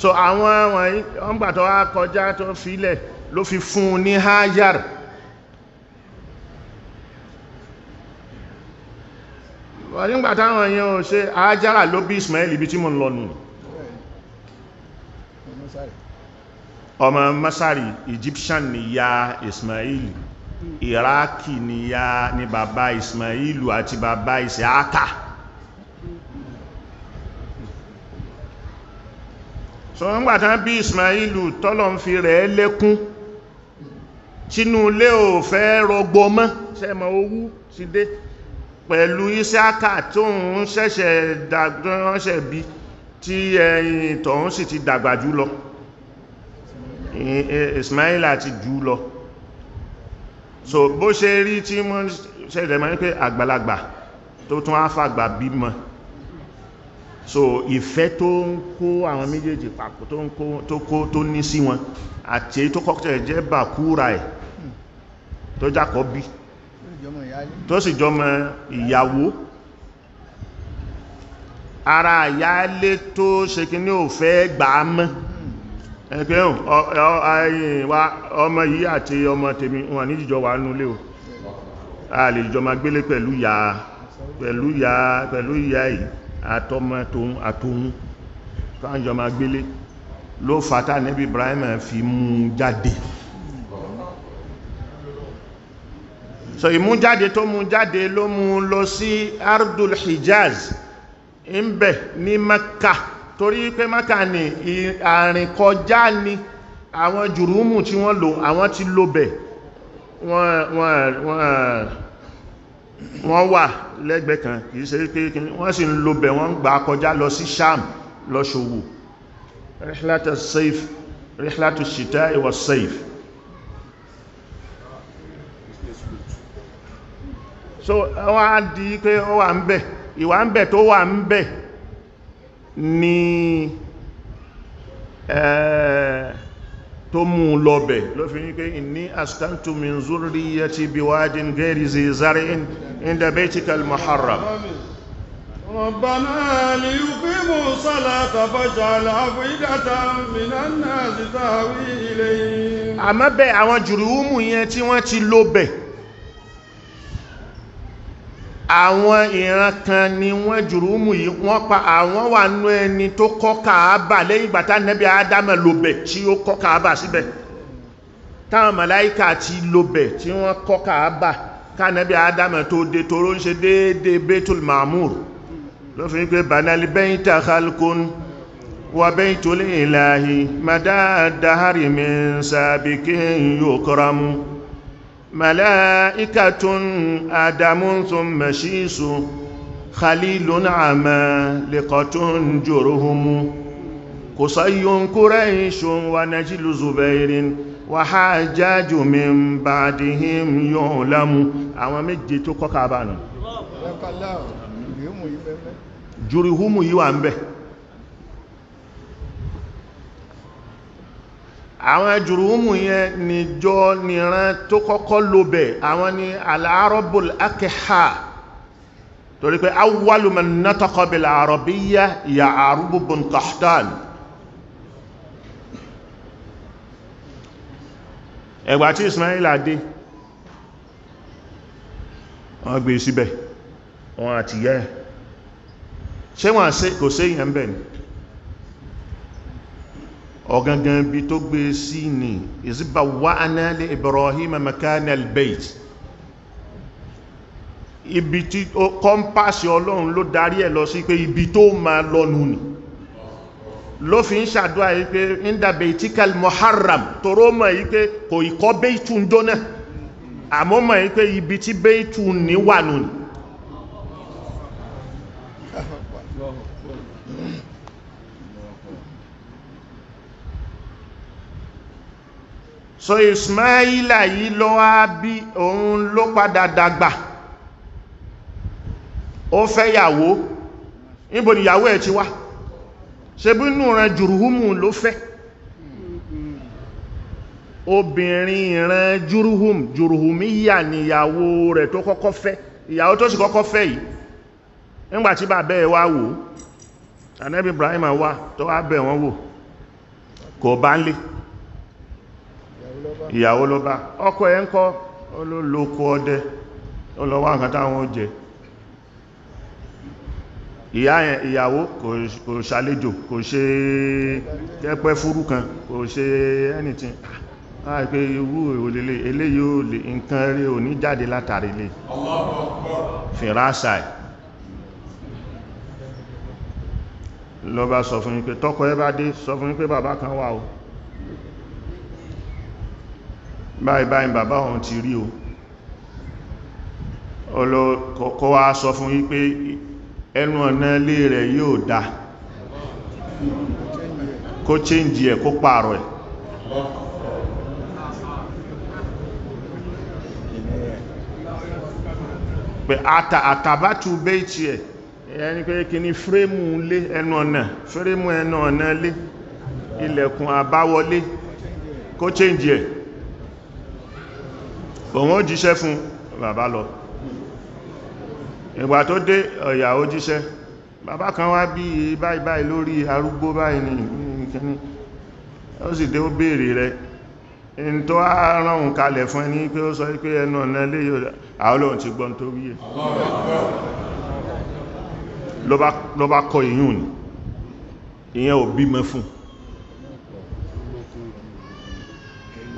Speaker 2: so àwọn wọ̀nyí wọ́n gbà tó wá kọjá tó filẹ̀ ló fi fún ní háyàrì wà nígbà táwọn èèyàn ò ṣe àájára ló bí Ismail ibi tí mo ń lọ nù ọmọ Masari Egyptian ni ya Ismail Iraki ni ya ni bàbá Ismail àti bàbá Isiaka so nígbà tán bí Ismail tọ́lọ̀ ń fi rẹ̀ lékún tínú ilé ò fẹ́ rọgbọ mọ́ sẹ́mọ̀ owú ti dé pẹ̀lú Ísákà tó ń ṣẹ̀ṣẹ̀ dàgbọ́nṣẹ̀ bí tí ẹ̀yìn tọ̀hún sì ti dàgbà jù lọ Ismaila ti jù lọ so bó ṣe rí tí wọ́n ṣẹ̀dẹ̀ mọ́ ní pé àgbàlagbà tó tún áfàgbà bímọ so ìfẹ́ tó ń kó àwọn méjèèjì papọ̀ tó ń kó tó ní sí wọn àti èyí tó kọ́kọ́ jẹ́ bàkúrà ẹ̀ tó jákọ́ bí tó sì jọmọ ìyàwó ara ìyálé tó ṣe kí ní òfẹ́ gbà á mọ́ ẹgbẹ́ ọmọ yìí àti ọmọ tèmi wọn ní jíjọ wà nú lé o a lè jọ ma gbélé pẹ̀lú ya pẹ̀lú ya pẹ̀lú ya yìí àtọmọ tóun àtòun káàjọ gbélé ló fata nebi Ibrahim fi mú jáde so ìmújáde tó mú jáde ló mú lọ sí ardul hijaz ń bẹ̀ ní maka torí pé maka ní àrìn kọjá ní àwọn jùrúmù tí wọ́n lò àwọn ti lò bẹ̀ wọ́n wà lẹ́gbẹ̀ẹ́ kan kìí ṣe pé wọ́n sì ń lò bẹ̀ wọ́n gbà kọjá lọ sí sham lọ ṣòwò rihlatu shita iwa saif so wa á di pé ó wà ń bẹ̀ ìwà ń bẹ̀ tó wà ń bẹ̀ ni tó mú lọ́bẹ̀ ló fi ní pé inni askantu min zurriyati biwadin ghairi zi zar'in inda baitikal muharram
Speaker 1: ربنا ليقيموا الصلاة فاجعل أفئدة من الناس تهوي
Speaker 2: إليهم àmọ́ bẹ́ẹ̀ àwọn jùrùmù yẹn tí wọ́n ti àwọn ìran kan ni wọ́n jùrúmù yìí wọ́n pa àwọn wà nú ẹni tó kọ́ kàábà lẹ́yìn ìgbà tánẹ́bí ádámẹ̀ lòbẹ̀ tí ó kọ́ kàábà síbẹ̀ táwọn màláíkà ti lòbẹ̀ tí wọ́n kọ́ kàábà kánẹ́bí ádámẹ̀ tó dé toró ń ṣe déédé betul mahmur ló pé banali bẹ́yìn tá khalkun wà bẹ́yìn tó lè láàyè madáadáa rí mi sàbíkí yóò kọ́ra mú ملائكة آدم ثم شيس خليل عمالقة جرهم قصي قريش ونجل زبير وحاجاج من بعدهم يعلم àwọn méje tó kọ́ kàbánù jùrùhùmù yíwà ń bẹ̀ àwọn jùrùmù yẹn níjọ níran tó kọ́kọ́ lóbẹ̀ àwọn ni al-arabul akha torí pé awwalu man nataqa bil arabiyya Ya'rub ibn Qahtan ẹgbà tí Ismaila dé wọ́n gbé e síbẹ̀ wọ́n àti yẹ́ ṣe wọ́n kò sí ìyẹn bẹ́ẹ̀ ni ọ̀gangan bí tó gbé sí ní ìzíbà wà náà Ibrahim makana al-bayt ibi tí ó kọ́mpáṣì ọlọ́run ló darí ẹ̀ lọ sí pé ibi tó ma lọ́nu ni ló fi ń ṣàdúrà yìí pé indabẹ̀ itikal muharram toró mọ̀ yìí kò ìkọ́ bẹ́ẹ̀tù ń jóná àmọ́ mọ̀ yìí ibi tí bẹ́ẹ̀tù ní wà nù ni so ismaila yìí ló wá bí òun ló padà dàgbà ó fẹ́ yàwó níbo ni yàwó ẹ̀ ti wá ṣe bí inú rẹ̀ jùrùhúmù ló fẹ́ obìnrin ìran jùrùhùm jùrùhùmíyà ni ìyàwó rẹ̀ tó kọ́kọ́ fẹ́ ìyàwó tó sì kọ́kọ́ fẹ́ yìí nígbàtí bàbá ẹ̀ wá wò Ànábì Ibrahim wá tó wá bẹ̀ wọ́n wò kò bá ń lè ìyàwó ló bá ọkọ ẹ̀ ń kọ́ olóko ọdẹ olówá nǹkan táwọn ó jẹ ìyàwó kò ṣàlejò kò ṣe kẹ́pẹ́ fúrú kan kò ṣe anything àìpé irú òlèlè eléyìí ò lè nǹkan rí ò ní jáde látàrí lè fìrásà ẹ̀ lọ bá sọ fún yín pé tọ́kọ ẹ bá dé sọ fún yín pé bàbá kan wà o báyìí báyìí bàbá òun ti rí o ọlọ́kọ̀ọ́kọ́ wá sọ fún yí pé ẹnu ọ̀nà ilé rẹ̀ yóò dá kó chéǹjì ẹ̀ kó pààrọ̀ ẹ̀ pé àtàbátù béèkì ẹ̀ ẹni pé kí ní frémù lé ẹnu ọ̀nà frémù ẹnu ọ̀nà lé ilẹ̀kùn àbáwọlé kó chéǹjì ẹ̀ òun ó jíṣẹ́ fún bàbá lọ ìgbà tó dé ọ̀yà ó jíṣẹ́ bàbá kan wá bí báyìí báyìí lórí arúgbó báyìí ní ìkíní ó sì dé ó béèrè rẹ̀ in tó ránun kalẹ̀ fún ẹni pé ó sọ pé ẹnu ọ̀nà ilé àwọn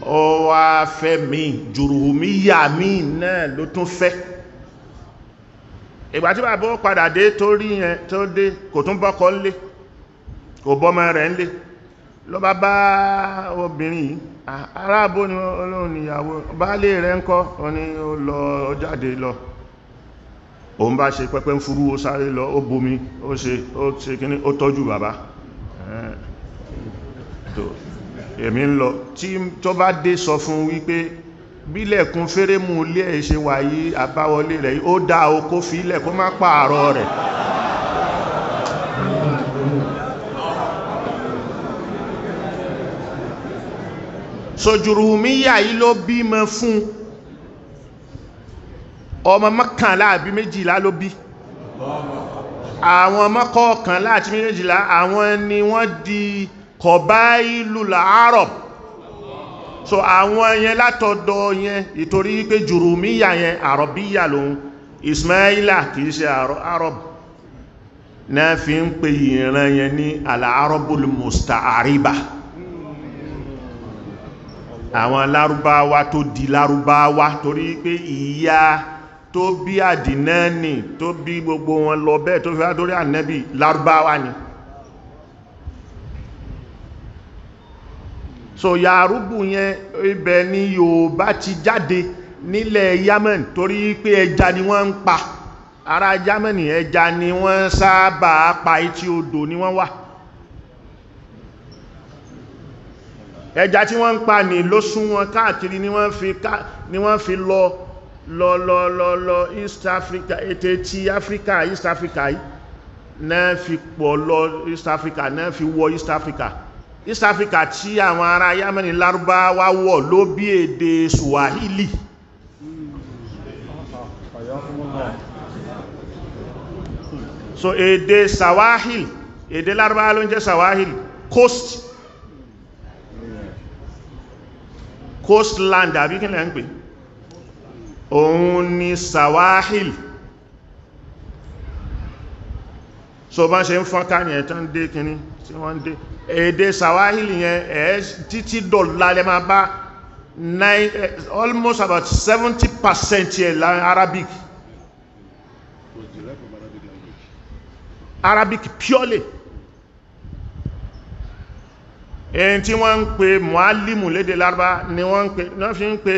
Speaker 2: ó wá fẹ́ mi jùrùmíyà mi náà ló tún fẹ́ ìgbà tí bàbá ó padà dé tó rí yẹn tó dé kò tún bọ́kọ ńlé kò bọ́mọ rẹ̀ ńlé ló bá bá obìnrin yìí ni olóhun ìyàwó baálé rẹ̀ ń kọ́ oní ó lọ jáde lọ òun bá ṣe pẹ́pẹ́ ń furú ó sáré lọ ó bomi ó ṣe kíní ó tọ́jú bàbá èmi ń lọ tí tó bá dé sọ fún wípé bílẹ̀kún fẹ́rẹ́mù ilé ẹ̀ ṣe wà yí àbáwọlé rẹ̀ ó dá okó fílẹ̀ kó má pààrọ̀ rẹ̀ sojúrùmíyà yí ló bímọ fún ọmọ mọ́kànlá àbí méjìlá ló bí àwọn mọ́kọ̀ọ̀kànlá àti méjìlá àwọn ni wọ́n di kọ̀báìlú làárọ̀b so àwọn yẹn látọ̀dọ̀ yẹn ìtorí wípé jùrùmíyà yẹn àrọ̀bíyà lòun ismaila kìí ṣe àrọ̀b náà fi ń pè ìran yẹn ní àlàárọ̀bùl musta'ariba àwọn lárúbáwá tó di lárúbáwá torí pé ìyá tó bí àdínáàni tó bí gbogbo wọn lọ bẹ́ẹ̀ tó fi wá torí ànẹ́bì lárúbáwá ni. so yàrúgbù yẹn ibẹ̀ ni Yorùbá ti jáde nílẹ̀ yamen torí pé ẹja ni wọ́n ń pa ara yamen ẹja ni wọ́n sábà pa etí odò ni wọ́n wà ẹja tí wọ́n ń pa ní ló sún wọn káàkiri ni wọ́n fi lọ lọ lọ lọ lọ East Africa ètè ti Africa East Africa náà fi pọ̀ lọ East Africa náà fi wọ East Africa East Africa tí àwọn ará Yamani Lárúbáwá wọ̀ ló bí èdè Swahili so èdè Swahili èdè Larba, ló ń jẹ́ Swahili coast coastland àbí kí lẹ́ ń pè òun ni Swahili so bá ṣe ń fọ́n káàní ẹ̀ dé kìíní tí wọ́n dé èdè sawahili yẹn ẹ̀ títí dọ̀lá lẹ máa bá almost about 70% yẹ la Arabic Arabic purely èyí tí wọ́n ń pè mọ́álìmù lédè lárúbá ni wọ́n ń pè náà fi ń pè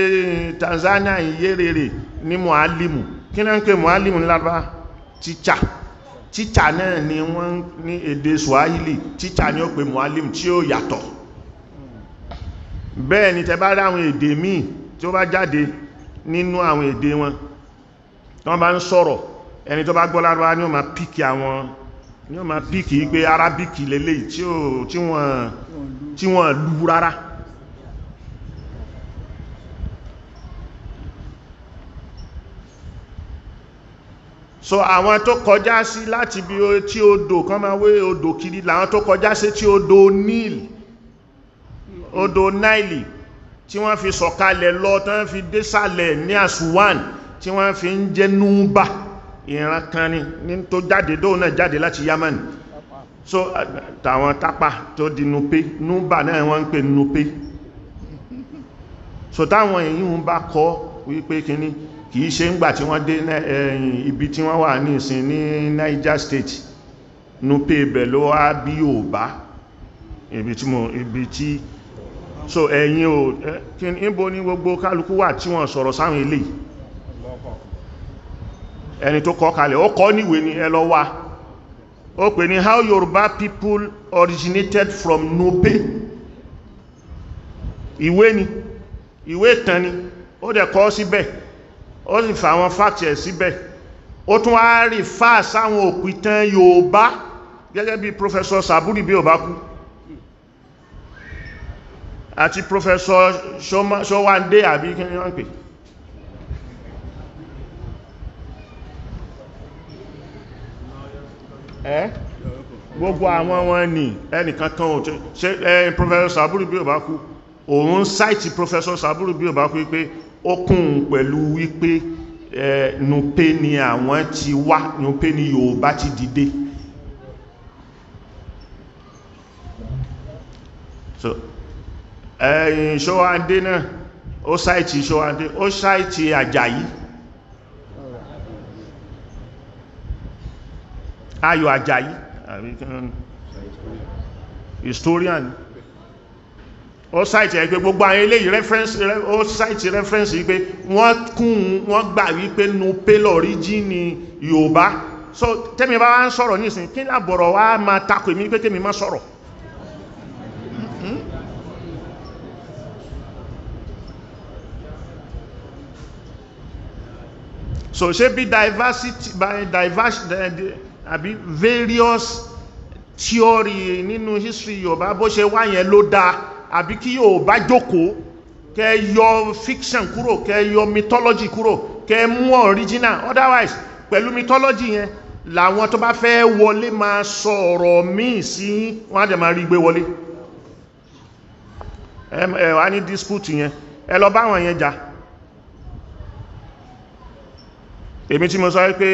Speaker 2: Tanzania yérèrè ní mọ́álìmù kí náà ń pè mọ́álìmù lárúbá teacher tíṣà náà ni wọ́n ní èdè swahili tíṣà ni ó pe mualim tí ó yàtọ̀ bẹ́ẹ̀ ni tẹ bá ráwọn èdè míì tí ó bá jáde nínú àwọn èdè wọn tí wọ́n bá ń sọ̀rọ̀ ẹni tó bá gbọ́ Lárúbáwá ó máa píkì àwọn ni ó máa píkì pé arábíkì lélẹ́yìí tí wọ́n lú rárá so àwọn tó kọjá sí láti bí tí odò kan máa wé odò kiri làwọn tó kọjá sí tí odò nil odò nile tí wọ́n fi sọ̀kalẹ̀ lọ tí wọ́n fi désàlẹ̀ ní àsùwàn tí wọ́n fi ń jẹ́ núbà ìran kan ní tó jáde dóò náà jáde láti yaman so tàwọn tápà tó di nupé núbà náà wọ́n ń pè nupé so táwọn èyí ń bá kọ́ wípé kìíní kìí ṣe ń gbà tí wọ́n dé eh, ibi tí wọ́n wà ní ìsìn ní Niger State nupé ibẹ̀ ló wá bí òbá ibi tí mo ibi tí so ẹ̀yin o eh, kí ní bó ní gbogbo kálukú wà tí wọ́n sọ̀rọ̀ sáwọn ilé ẹni tó kọ kalẹ̀ ó kọ níwé ni ẹ lọ wá ó pè ní how Yoruba people originated from Nupe ìwé ni ìwé ìtàn ni ó dẹ̀ kọ síbẹ̀ si ó sì fà àwọn fáàtì ẹ̀ síbẹ̀ ó tún wá rí fáà sáwọn òpìtàn Yorùbá gẹ́gẹ́ bí Professor Saburi bí ò bá kú àti Professor Ṣọ́wándé àbí kí wọ́n pè ẹ́ gbogbo àwọn wọn ni ẹnìkan kan òtún ṣe Professor Saburi bí ò bá kú òun sáìtì Professor Saburi bí ò bá kú pé ó kún pẹ̀lú wípé nùpé ni àwọn ti wá nùpé ni Yorùbá ti dìde so ẹ̀yìn ṣọ́wádé náà ó sáìtì ṣọ́wádé ó sáìtì àjàyí ayọ̀ àjàyí historian ó sáìtì ẹ̀ pé gbogbo àwọn eléyìí reference ó sáìtì reference wípé wọ́n kún wọ́n gbà wípé nu pélọ̀rí jí ni yorùbá so tẹ́mi bá wá ń sọ̀rọ̀ nísìn kí lábọ̀rọ̀ wá máa takò èmi pé kémi má sọ̀rọ̀ hmm? so ṣe bí diversity by diversity àbí various theory nínú history yorùbá bó ṣe wá yẹn ló dáa àbí kí yóò bá jókòó kẹ yọ fiction kúrò kẹ yọ mythology kúrò kẹ mú original otherwise pẹ̀lú mythology yẹn làwọn tó bá fẹ́ wọlé ma sọ ọ̀rọ̀ míì sí wọ́n á dẹ̀ máa rí gbé wọlé ẹ ní dispute yẹn ẹ lọ bá àwọn yẹn jà èmi tí mo sọ wípé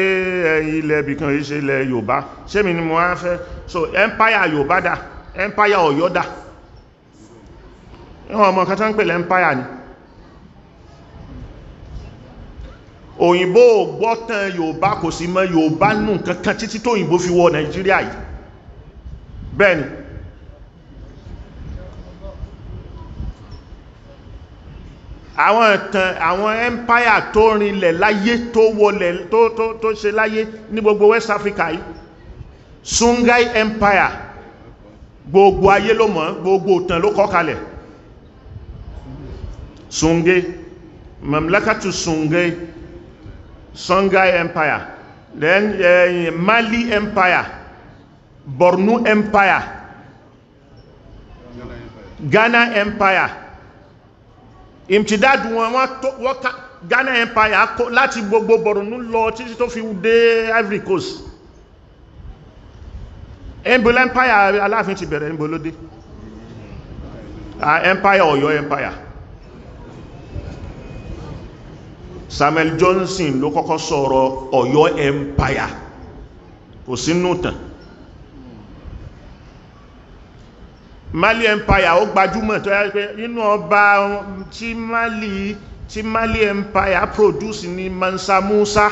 Speaker 2: ẹ̀yìn ilẹ̀ ibìkan yìí ṣe ilẹ̀ yorùbá ṣé ni mo wá fẹ́ so empire yorùbá dà empire ọ̀yọ́ dà wọ́n ọmọ kan tó ń pè lẹ́mpáyà ni òyìnbó gbọ́tàn Yorùbá kò sí mọ́ Yorùbá nù kankan títí tó òyìnbó fi wọ Nàìjíríà yìí bẹ́ẹ̀ni àwọn ìtàn àwọn empire tó rinlẹ̀ láyé tó wọlẹ̀ tó tó tó ṣe láyé ní gbogbo West Africa yìí Songhai empire gbogbo ayé ló mọ̀ gbogbo ìtàn ló kọ́ kalẹ̀ Sungai, Mamlakatu Sungai, Songhai Empire, then uh, Mali Empire, Bornu Empire, Ghana Empire. Imtidad wọn wọ́n Ghana Empire láti gbogbo Bornu lọ títí tó fi dé Ivory Coast. Embola Empire aláàfin ti bẹ̀rẹ̀ níbo lóde. Ah, Empire Ọ̀yọ́ Empire. Samuel Johnson ló kọ́kọ́ sọ̀rọ̀ Ọ̀yọ́ empire kò sínú tàn Mali empire ó gbajúmọ̀ tó yá pé nínú ọba tí Mali tí Mali empire produce ni Mansa Musa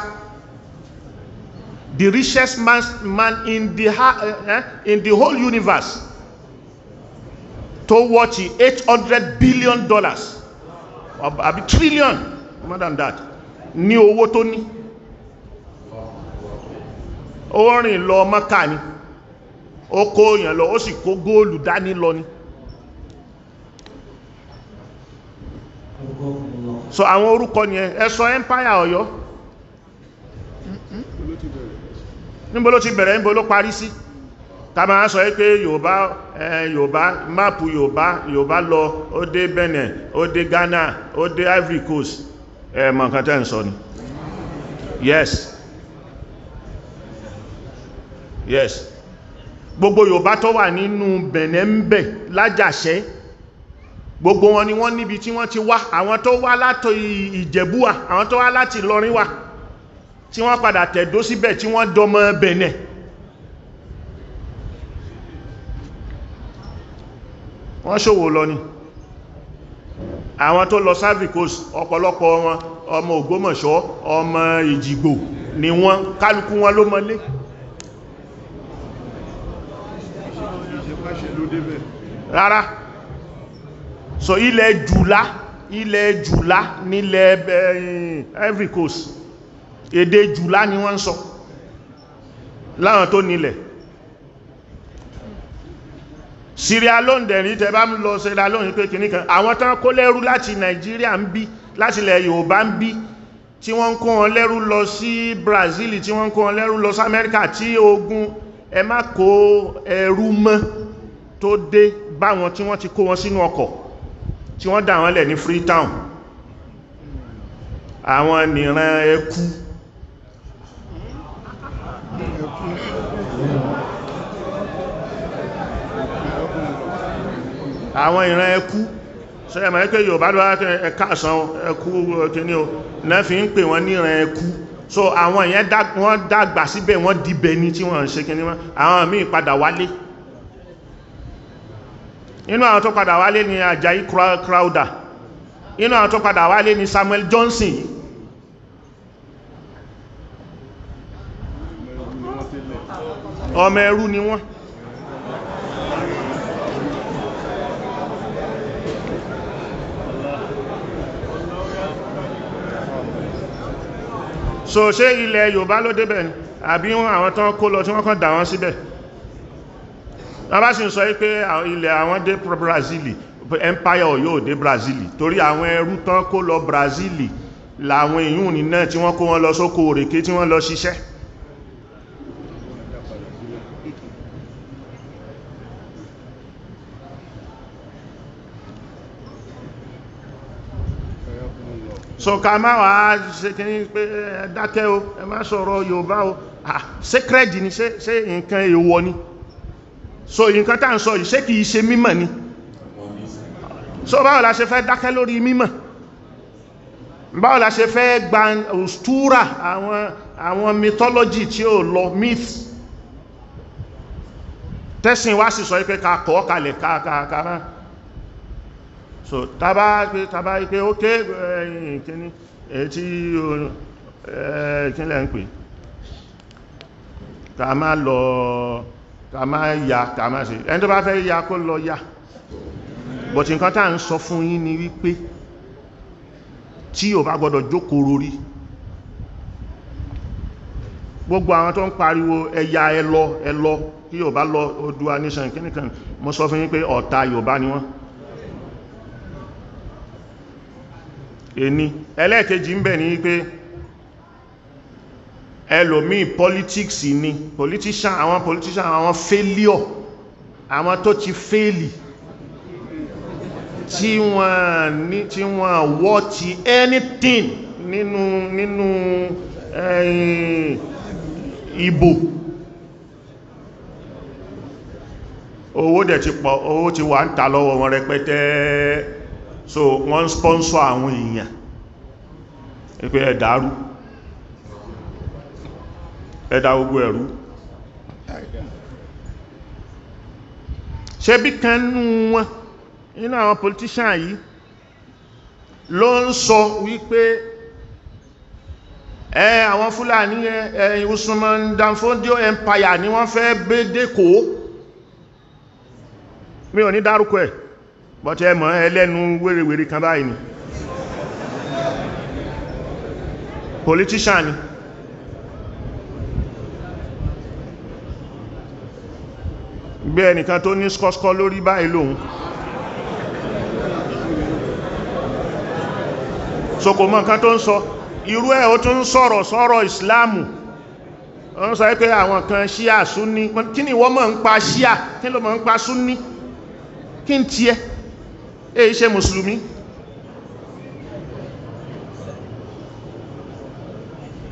Speaker 2: the richest man, man in the eh, in the whole universe tó wọ́ọ̀tì 800 billion dollars àbí trillion more than that ní owó tó ní ó lọ ni ó kó èèyàn lọ ó sì kó góòlù dání lọ ni so àwọn orúkọ ni ẹ empire Ọ̀yọ́ níbo ti bẹ̀rẹ̀ níbo ló parí sí ta ma sọ pé Yorùbá Yorùbá mapu Yorùbá lọ ó dé Benin ó dé Ghana ó dé Ivory Coast ẹ̀mọ̀ nǹkan tẹ́ ń sọ ni yes yes gbogbo Yorùbá tó wà nínú Bẹ̀nẹ̀ ń bẹ̀ lájàṣẹ́ gbogbo wọn ni wọ́n níbi tí wọ́n ti wá àwọn tó wá látọ̀ Ìjẹ̀bú wà àwọn tó wá láti Ìlọrin wà tí wọ́n padà tẹ̀dó síbẹ̀ tí wọ́n dọmọ Bẹ̀nẹ̀ wọ́n ṣòwò lọ ni àwọn tó lọ Ivory Coast ọ̀pọ̀lọpọ̀ wọn ọmọ Ògbómọ̀ṣọ́ ọmọ Èjìgbò ni wọ́n kálukú wọn ló mọ́lé rárá so ilẹ̀ jùlá ilẹ̀ jùlá nílẹ̀ eh, Ivory Coast èdè jùlá ni wọ́n ń sọ láwọn tó nílẹ̀ Sierra Leone dẹ̀rí tẹ bá ń lọ Sierra Leone pé kìíní kan àwọn tán kó lẹ́rú láti Nàìjíríà ń bí láti ilẹ̀ Yorùbá ń bí tí wọ́n ń kó wọn lẹ́rú lọ sí Brazil tí wọ́n ń kó wọn lẹ́rú lọ sí Amẹ́ríkà tí ogun ẹ má kó ẹrú mọ́ tó dé báwọn tí wọ́n ti kó wọn sínú ọkọ̀ tí wọ́n dà wọ́n lẹ̀ ní Freetown àwọn nìran ẹkú àwọn ìran ẹkú sẹ́yẹ̀mọ̀ ẹ́ pé Yorùbá ló wá ẹ̀ka àsán ẹkú kìíní o náà fi ń pè wọ́n ní ìran ẹkú so àwọn èèyàn wọ́n dàgbà síbẹ̀ wọ́n dìbẹ̀ ní tí wọ́n ń ṣe kìíní wọn àwọn míì padà wálé inú àwọn tó padà wálé ni Ajayi Crowder inú àwọn tó padà wálé ni Samuel Johnson ọmọ ẹrú ni wọ́n so ṣé ilẹ̀ Yorùbá ló débẹ̀ ni àbí àwọn tán kó lọ tí wọ́n kàn dà wọ́n síbẹ̀ wọ́n bá sì ń sọ pé ilẹ̀ àwọn dé Brazil empire yóò dé Brazil torí àwọn ẹrú tán kó lọ Brazil làwọn èèyàn ní náà tí wọ́n kó wọn lọ sóko òrèké tí wọ́n lọ ṣiṣẹ́ so ká má wà á ṣe kí ní pé dákẹ́ o ẹ má sọ̀rọ̀ Yorùbá o sacred ni se nǹkan èèwọ̀ ni so nǹkan tá ń sọ se ṣé kìí ṣe ni so báwo la ṣe fẹ́ dákẹ́ lórí mímọ̀ báwo la ṣe fẹ́ gba òstúrà àwọn àwọn mythology tí ó lọ myth tẹ́sìn wá sì sọ pé ká kọ́ kalẹ̀ ká ká ká rán so tàbá tàbá ipé ókè ẹ̀yìn ìkíní tí ìkínlẹ̀ ń pè ta má lọ ta má ya ta má ṣe ẹni tó bá fẹ́ ya kó lọ ya bọ̀tí nǹkan tá ń sọ fún yín ni wípé tí ò bá gbọdọ̀ jókòó rí gbogbo àwọn tó ń pariwo ẹ̀yà ẹlọ ẹlọ kí yóò bá lọ odua nation kíníkan mo sọ fún yín pé ọ̀tá Yorùbá ni wọ́n ẹni ẹlẹ́ẹ̀kejì ń bẹ ní pé ẹlòmí politics ni politician àwọn politician àwọn failure àwọn tó ti faili tí wọ́n ní tí wọ́n wọ́ anything nínú nínú ẹ̀yìn eh, ìbò owó dẹ̀ ti pọ̀ owó ti wà ń ta lọ́wọ́ wọn rẹpẹtẹ so wọ́n sponsor àwọn èèyàn pé ẹ̀dàrú ẹ̀dà gbogbo ẹ̀rú ṣe bí kan nú wọn nínú àwọn politician yìí ló ń sọ wípé ẹ àwọn Fúlàní ẹ Usman Danfodio empire ni wọ́n fẹ́ gbé dẹ́kọ̀ọ́ mi ò ní dárúkọ ẹ̀ bọ́tẹ́ mọ̀ ẹlẹ́nu wèrèwèrè kan báyìí ni politician ni gbé ẹnìkan tó ní skọ́skọ́ lórí báyìí lòun so kò mọ̀ nǹkan tó ń sọ irú ẹ̀ ó tún sọ̀rọ̀ sọ̀rọ̀ ìsìláàmù wọ́n sọ pé àwọn kan ṣíà súnní kí ni wọ́n mọ̀ ń pa ṣíà kí ló mọ̀ ń pa súnní kí n tiẹ̀ èyí ṣe mùsùlùmí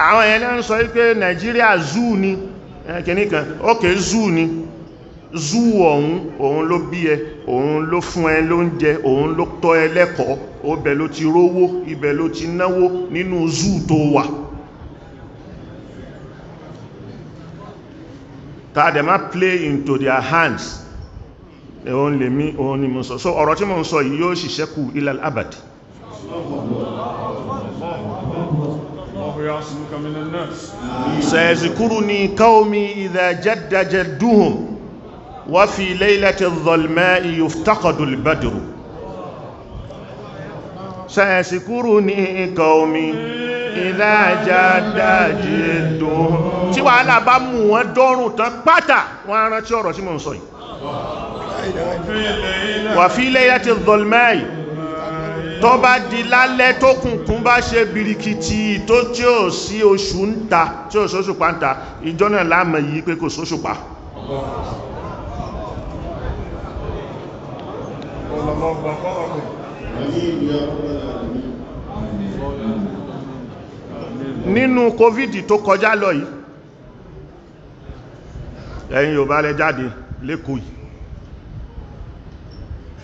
Speaker 2: àwọn ẹ̀yẹn lẹ́n sọ wípé Nigeria zoo ni ẹ̀kìní kan ókè zoo ni zoo ọ̀hún òun ló bí ẹ òun ló fún ẹ lóúnjẹ òun ló tọ́ ẹ lẹ́kọ̀ọ́ ibẹ̀ ló ti rówó ibẹ̀ ló ti náwó nínú zoo tó wà tàdẹ̀má play into their hands òun lè mí òun ni mo sọ so ọ̀rọ̀ tí mo ń sọ yìí yóò ṣiṣẹ́ kù ilal abad
Speaker 1: sẹ̀ẹ̀sìkúrú
Speaker 2: ni káomi ìdájẹ́dájẹ́ dúhùn wá fi lẹ́ilẹ́tẹ̀ zọlmẹ́ ìyòftakọ̀dùl bẹ́dùrù sẹ̀ẹ̀sìkúrú ni káomi ìdájẹ́dájẹ́ dúhùn tí wàhálà bá mú wọn dọ́rùn tán pátá wọn rántí ọ̀rọ̀ tí mo sọ yìí wàfílẹ̀ yẹ́ ti zolmai tó bá di lálẹ́ tó kùnkùn bá ṣe birikiti tó tí ó sí oṣù ń ta tí ó sóṣùpá ń ta ìjọ náà láàmà yìí pé kò sóṣùpá nínú covid tó kọjá lọ yìí ẹ̀yin Yorùbá lẹ jáde lẹ́kọ̀ọ́ yìí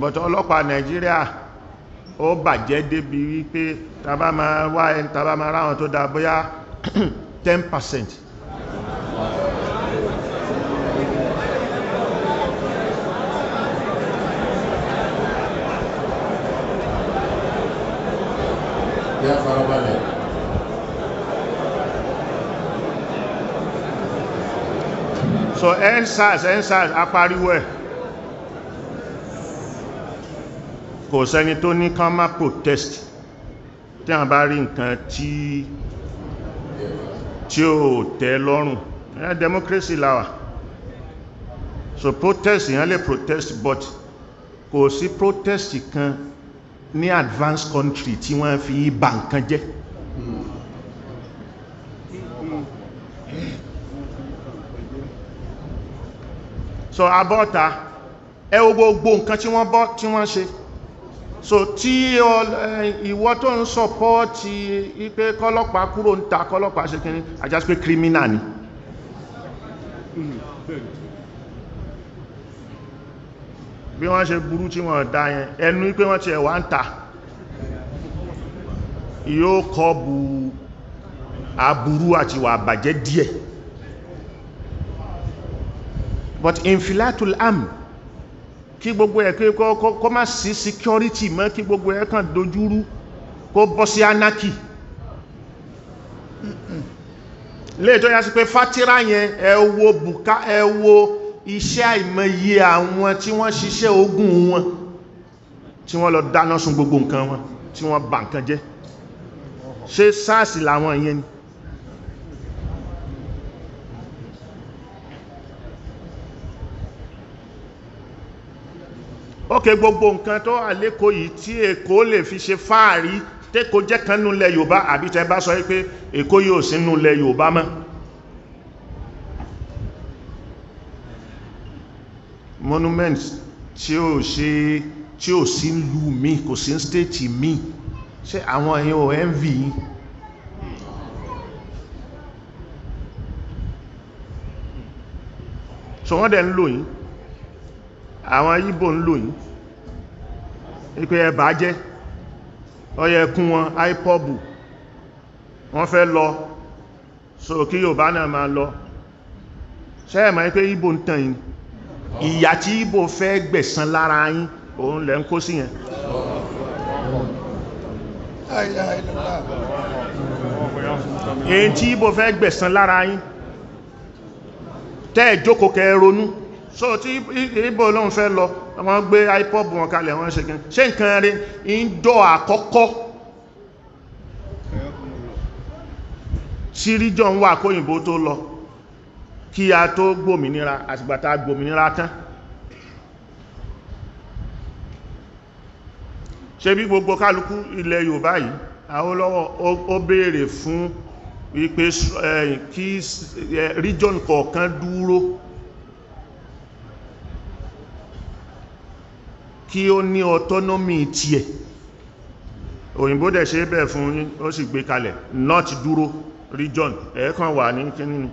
Speaker 2: bọ̀tọ̀ ọlọ́pàá Nàìjíríà ó bàjẹ́ débi wípé tàbá ma wá ẹni tàbá ma ráwọn tó dá bóyá 10% ya so ensars ensars apariwo ẹ̀ kò sẹ́ni tó ní kán má protest tí a bá rí nǹkan tí tí ó tẹ́ lọ́rùn ẹ̀yà democracy láwà so protest èyàn lè protest but kò sí protest kan ní advanced country tí wọ́n fi bà nǹkan jẹ́ so abọ́ta ẹ gbogbo nǹkan tí wọ́n bọ́ tí wọ́n ṣe so tí eh, ìwọ tó ń sọpọ́ọ̀tì ipé kọ́lọ́pàá kúrò ń ta kọ́lọ́pàá ṣe kìíní àjásí pé kírímínà ni bí wọ́n ṣe burú tí wọ́n dá yẹn ẹnu pé wọ́n ti ẹ̀wà ń ta yóò kọ́ bu aburú àti wà bàjẹ́ díẹ̀ but infilatul am kí gbogbo ẹ̀ kí kọ́ má sí security mọ́ kí gbogbo ẹ̀ kàn dojúrú kó bọ́ sí anarchy léètọ́ yá sí pé fátírá yẹn ẹ wo bùká ẹ wo iṣẹ́ àìmọye àwọn tí wọ́n ṣiṣẹ́ ogun wọn tí wọ́n lọ dáná sun gbogbo nǹkan wọn tí wọ́n bà nǹkan jẹ́ ṣe SARS làwọn yẹn ni ok gbogbo nǹkan tó àlékò yìí tí èkó lè fi ṣe fáàrí tẹ́kò jẹ́ kan núlẹ̀ yorùbá àbí tẹ́ bá sọ wípé èkó yóò sí núlẹ̀ yorùbá mọ́ monument tí ó ṣe tí ó sí lú mi kò sí stéètì mi ṣe àwọn èèyàn ò envy so wọ́n dẹ̀ ń lò yìí àwọn Ìgbò ń lò yìí ipé ẹbà jẹ́ ọyẹ kún wọn ipob wọ́n fẹ́ lọ so kí Yorùbá náà máa lọ ṣẹ́ẹ̀mọ̀ ipé Ìgbò ń tàn yìí ìyà tí Ìgbò fẹ́ gbẹ̀san lára yín òun lẹ́ ń kó sí yẹn èyí tí Ìgbò fẹ́ gbẹ̀san lára yín tẹ́ẹ̀ jókòó kẹ́ ronú so tí ibo lóun fẹ́ lọ wọ́n gbé ipob wọn kalẹ̀ wọ́n se gan ṣe nǹkan rí ń dọ̀ àkọ́kọ́ síríjọ ń wà kóyìnbó tó lọ kí a tó gbòmìnira àtìgbàtà gbòmìnira tán ṣe bí gbogbo kálukú ilẹ̀ Yorùbá yìí Awólọ́wọ̀ ó béèrè fún wípé eh, kí eh, region kọ̀ọ̀kan dúró kí ó ní autonomy tiẹ̀ òyìnbó dẹ̀ ṣe bẹ́ẹ̀ fún ó sì gbé kalẹ̀ north dúró region ẹ̀ẹ́kan wà ní kíní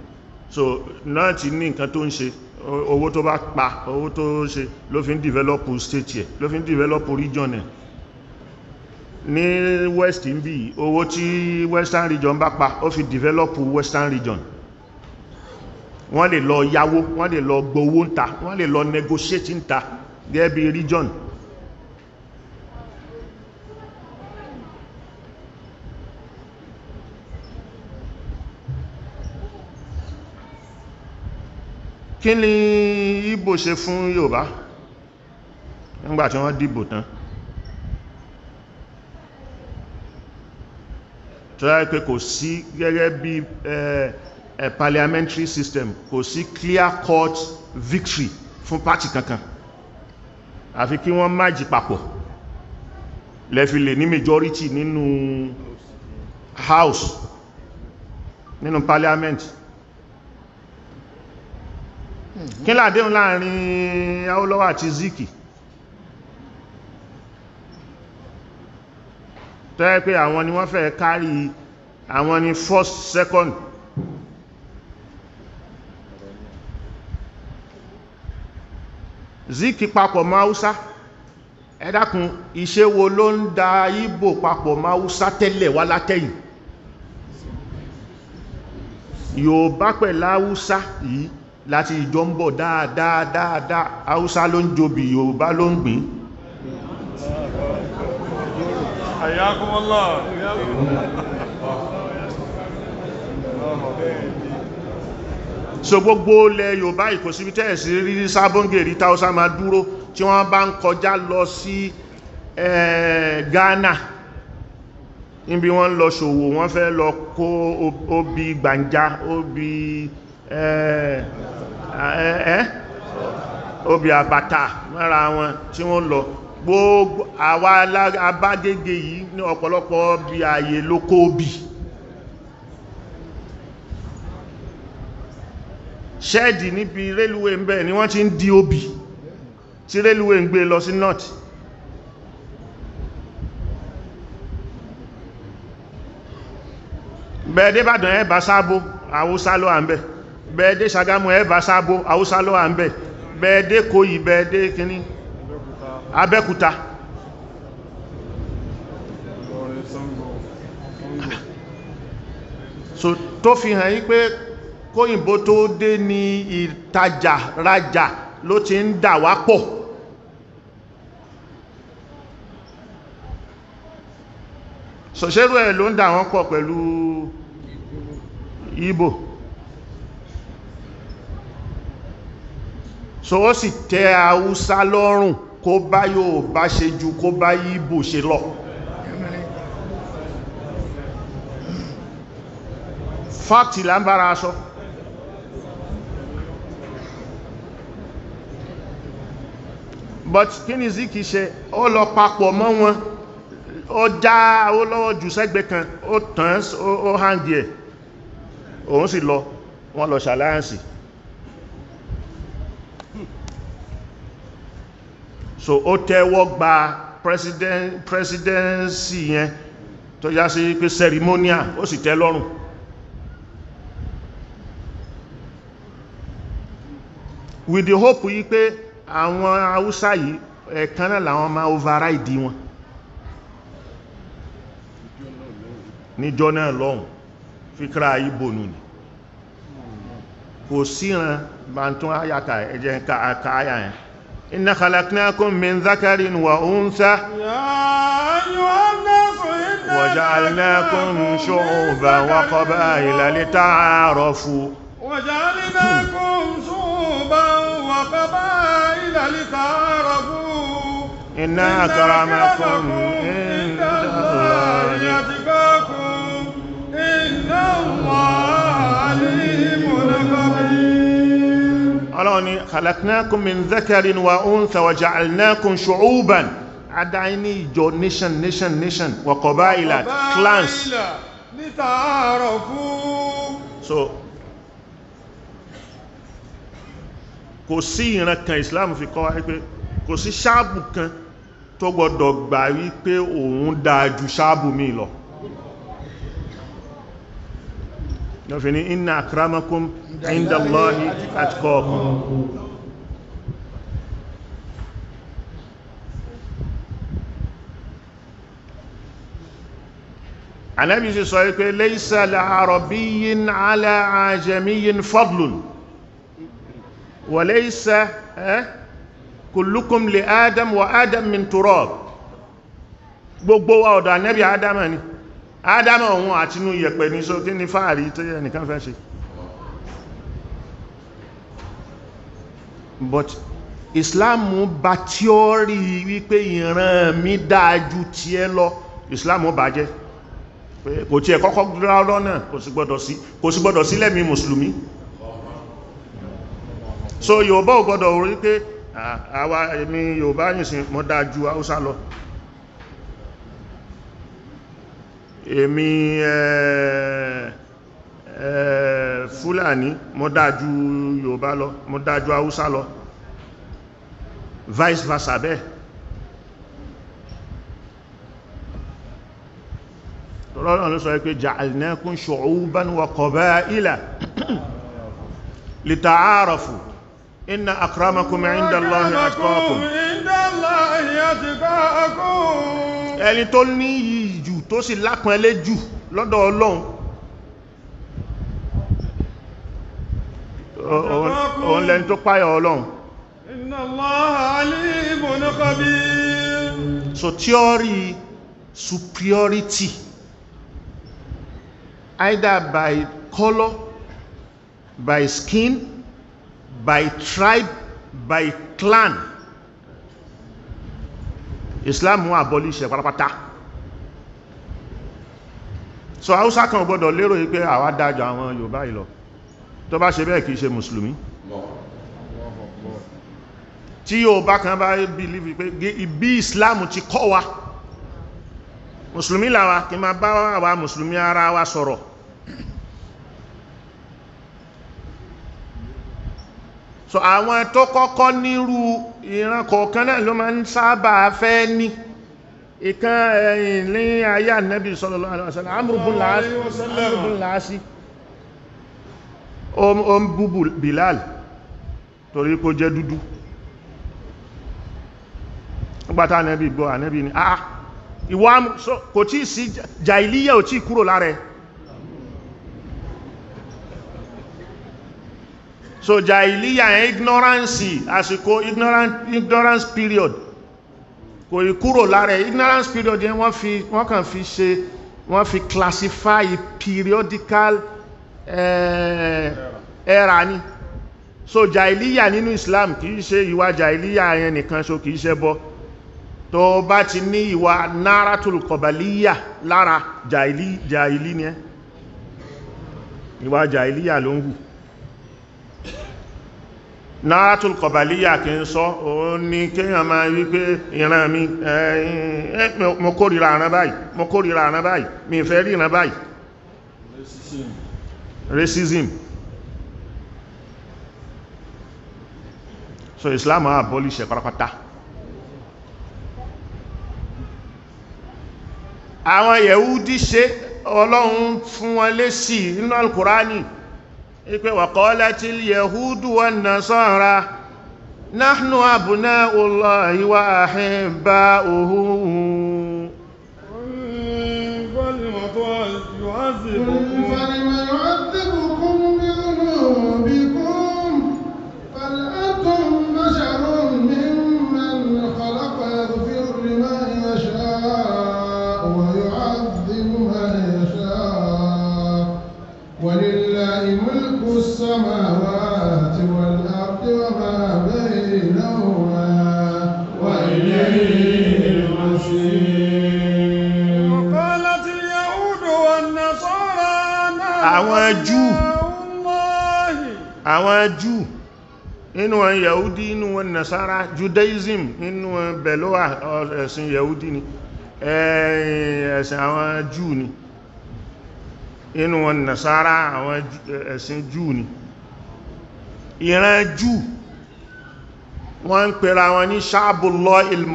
Speaker 2: so not ní nǹkan tó ń ṣe owó tó bá pa owó tó ṣe ló fi ń develop state ẹ̀ ló fi ń develop region ẹ̀ ní west ń bí owó tí western region bá pa ó fi develop western region wọ́n lè lọ yáwó wọ́n lè lọ gbowó ń ta wọ́n lè lọ negotiate ń ta gẹ́gẹ́ region kí ni Ìgbò ṣe fún Yorùbá nígbàtí wọ́n dìbò tán tó yá pé kò sí gẹ́gẹ́ bí parliamentary system kò sí clear cut victory fún pàtì kankan àfi kí wọ́n májì papọ̀ lẹ́fi lè ní majority nínú house nínú parliament Mm-hmm. kí làdéhùn láàrin Awólọ́wọ̀ àti Zik tó yẹ pé àwọn ni wọ́n fẹ́ kárí àwọn ni first second Zik papọ̀ mọ́ Haúsá ẹ dákun iṣẹ́ wo ló ń da Ìgbò papọ̀ mọ́ Haúsá tẹ́lẹ̀ wá látẹ̀yìn Yorùbá pẹ̀lú Haúsá yìí láti ìjọ ń bọ̀ dáadáadáa haúsá ló ń jobi yorùbá ló ń gbìn so gbogbo ilẹ̀ yorùbá ìkòsíbí tẹ́ẹ̀sì rí sábóngèrí táúsá máa dúró tí wọ́n bá ń kọjá lọ sí Ghana níbi wọ́n lọ ṣòwò wọ́n fẹ́ lọ kó obì gbàǹjá obì ẹ́ obì àbàtà mẹ́ra wọn tí wọ́n lọ gbogbo àwa abágége yìí ní ọ̀pọ̀lọpọ̀ bí ààyè lókó obì ṣẹ́ẹ̀dì níbi rélúwé ń bẹ ni wọ́n ti ń di obì tí rélúwé ń gbé lọ sí north bẹ̀ẹ́dẹ́bàdàn ẹ̀bà sábó àwọ́sálọ́ àmbẹ̀ bẹ́ẹ̀dé Ṣàgámù ẹ̀bà sábó haúsá a wà ń bẹ̀ bẹ́ẹ̀dé kòyí bẹ́ẹ̀dé kíní abẹ́kúta so tó fi hàn yí pé kóyìnbó tó dé ní ìtajà rajà ló ti ń dà pọ̀ ẹ̀ ló Igbo. so ó sì tẹ́ haúsá lọ́rùn kó bá yóò bá ṣe ju kó bá yíbò ṣe lọ fáktì là aṣọ but kí ni ziki ṣe ó lọ papọ̀ mọ́ wọn ó já ó lọ́wọ́ jù sẹ́gbẹ̀ kan ó tàn ó hàn díẹ̀ òun sì lọ wọ́n lọ ṣàláyànsì so ó tẹ́wọ́ gba presidency yẹn tó já sí pé ceremonial ó sì tẹ́ lọ́rùn with the hope yí pé àwọn haúsá yìí ẹ̀kan náà làwọn máa override wọn níjọ́ náà lọ́hùn fíkra ìbò nù ní kò síran bàntún ayaka ẹ̀jẹ̀ ń ka àyà yẹn إن خلقناكم من ذكر وأنثى وجعلناكم شعوبا وقبائل لتعارفوا
Speaker 1: وجعلناكم شعوبا وقبائل لتعارفوا
Speaker 2: إن أكرمكم عند الله يتقاكم إن الله عليم لكم ọlọ́run ni khalaqnakum min dhakarin wa untha wa ja'alnakum shu'uban adáyé ní ìjọ nation nation nation wa qabaila clans so kò sí ìran kan islam fi kọ́ wáyé pé kò sí ṣáàbù kan tó gbọdọ̀ gbà wípé òun dáa ṣáàbù mi lọ lọ́fẹ́ ní inna akramakum عند الله أتقاكم Ànábì sì sọ wípé laysa li'arabiyyin 'ala 'ajamiyyin fadlun wa laysa kullukum li Adam wa Adam min turab gbogbo wa ọ̀dọ̀ Ànábì Adam ni Adam òun àtinú yẹ̀pẹ̀ ní sókè ní fáàrí tó yẹ nìkan fẹ́ ṣe but islam bá tí ó rí wípé ìran mi dáájú tí ẹ lọ islam bá jẹ́ kò tí ẹ kọ́kọ́ gbọ́rọ̀ náà kò sí gbọ́dọ̀ sí lẹ́mí mùsùlùmí so yorùbá ò gbọ́dọ̀ orí pé àwa èmi yorùbá yìnsìn mọ́ dájú haúsá lọ èmi ẹ̀ẹ́ Eh, fúlàní mọ́ dájú yorùbá lọ mọ́ dájú haúsá lọ vice versa bẹ́ẹ̀ tọ́lọ́nà ló sọ pé ja'alnakum shu'uban wa qaba'ila lita'arafu inna akramakum inda Allahi atqakum ẹni tó ní iyì tó sì lápẹ́lẹ́ lọ́dọ̀ Ọlọ́run òun lẹni tó páyà ọlọ́run so theory superiority either by color by skin by tribe by clan Islam wọ́n abolish pátápátá so Hausa kan gbọ́dọ̀ lérò wípé àwa dájọ àwọn Yorùbá ìlọ tó bá ṣe bẹ́ẹ̀ kìí ṣe mùsùlùmí tí yóò bá kan bá bílífì pé ibi ìsìláàmù ti kọ́ wa mùsùlùmí làwa kí ma bá wa mùsùlùmí ara wa sọ̀rọ̀ so àwọn tó kọ́kọ́ nírú ìran kọ̀ọ̀kan náà ló máa ń sábà fẹ́ ní ìkan ẹ̀yìn eh, ní ayé ànábì sallallahu alaihi wasallam amúrùbùn láásí ó ń bú Bilal torí kó jẹ́ dúdú nígbàtà ànẹ́bì gbọ́ ànẹ́bì ni àà ah, ìwà kò tí sí jàìlíyà ò tí kúrò lára ẹ̀ so jàìlíyà ẹ̀ ignorance àsìkò ignorance period kò ì kúrò lára ẹ̀ ignorance period yẹn wọ́n fi wọ́n kàn fi ṣe wọ́n fi classify periodical eh, yeah. ẹ̀rà so ja'iliya nínú islam kìí ṣe ìwà ja'iliya yẹn nìkan so kìí ṣe bọ́ tó bá ti ní ìwà náratul kọ̀bàlíyà lára jàìlí ẹ́ ìwà jàìlíyà ló ń hù sọ ni kéèyàn máa wípé ìran mi mo àrán báyìí mi fẹ́ rí ìran báyìí so Islam á abolish ẹ̀ pátápátá àwọn Yẹ̀húdí ṣe ọlọ́run fún wọn lé sí nínú alkùránì ipé waqalatil Yahudu wan Nasara nahnu abna'ullahi wa ahibba'uhu júù àwọn júù nínú wọn yahudi nínú wọn nasara judaism nínú wọn beloa ẹ̀sìn yahudi ni ẹ̀sìn àwọn júù ni nínú wọn nasara àwọn ẹ̀sìn júù ni ìran júù wọ́n ń pèrà wọn ní ṣáàbùlọ́ il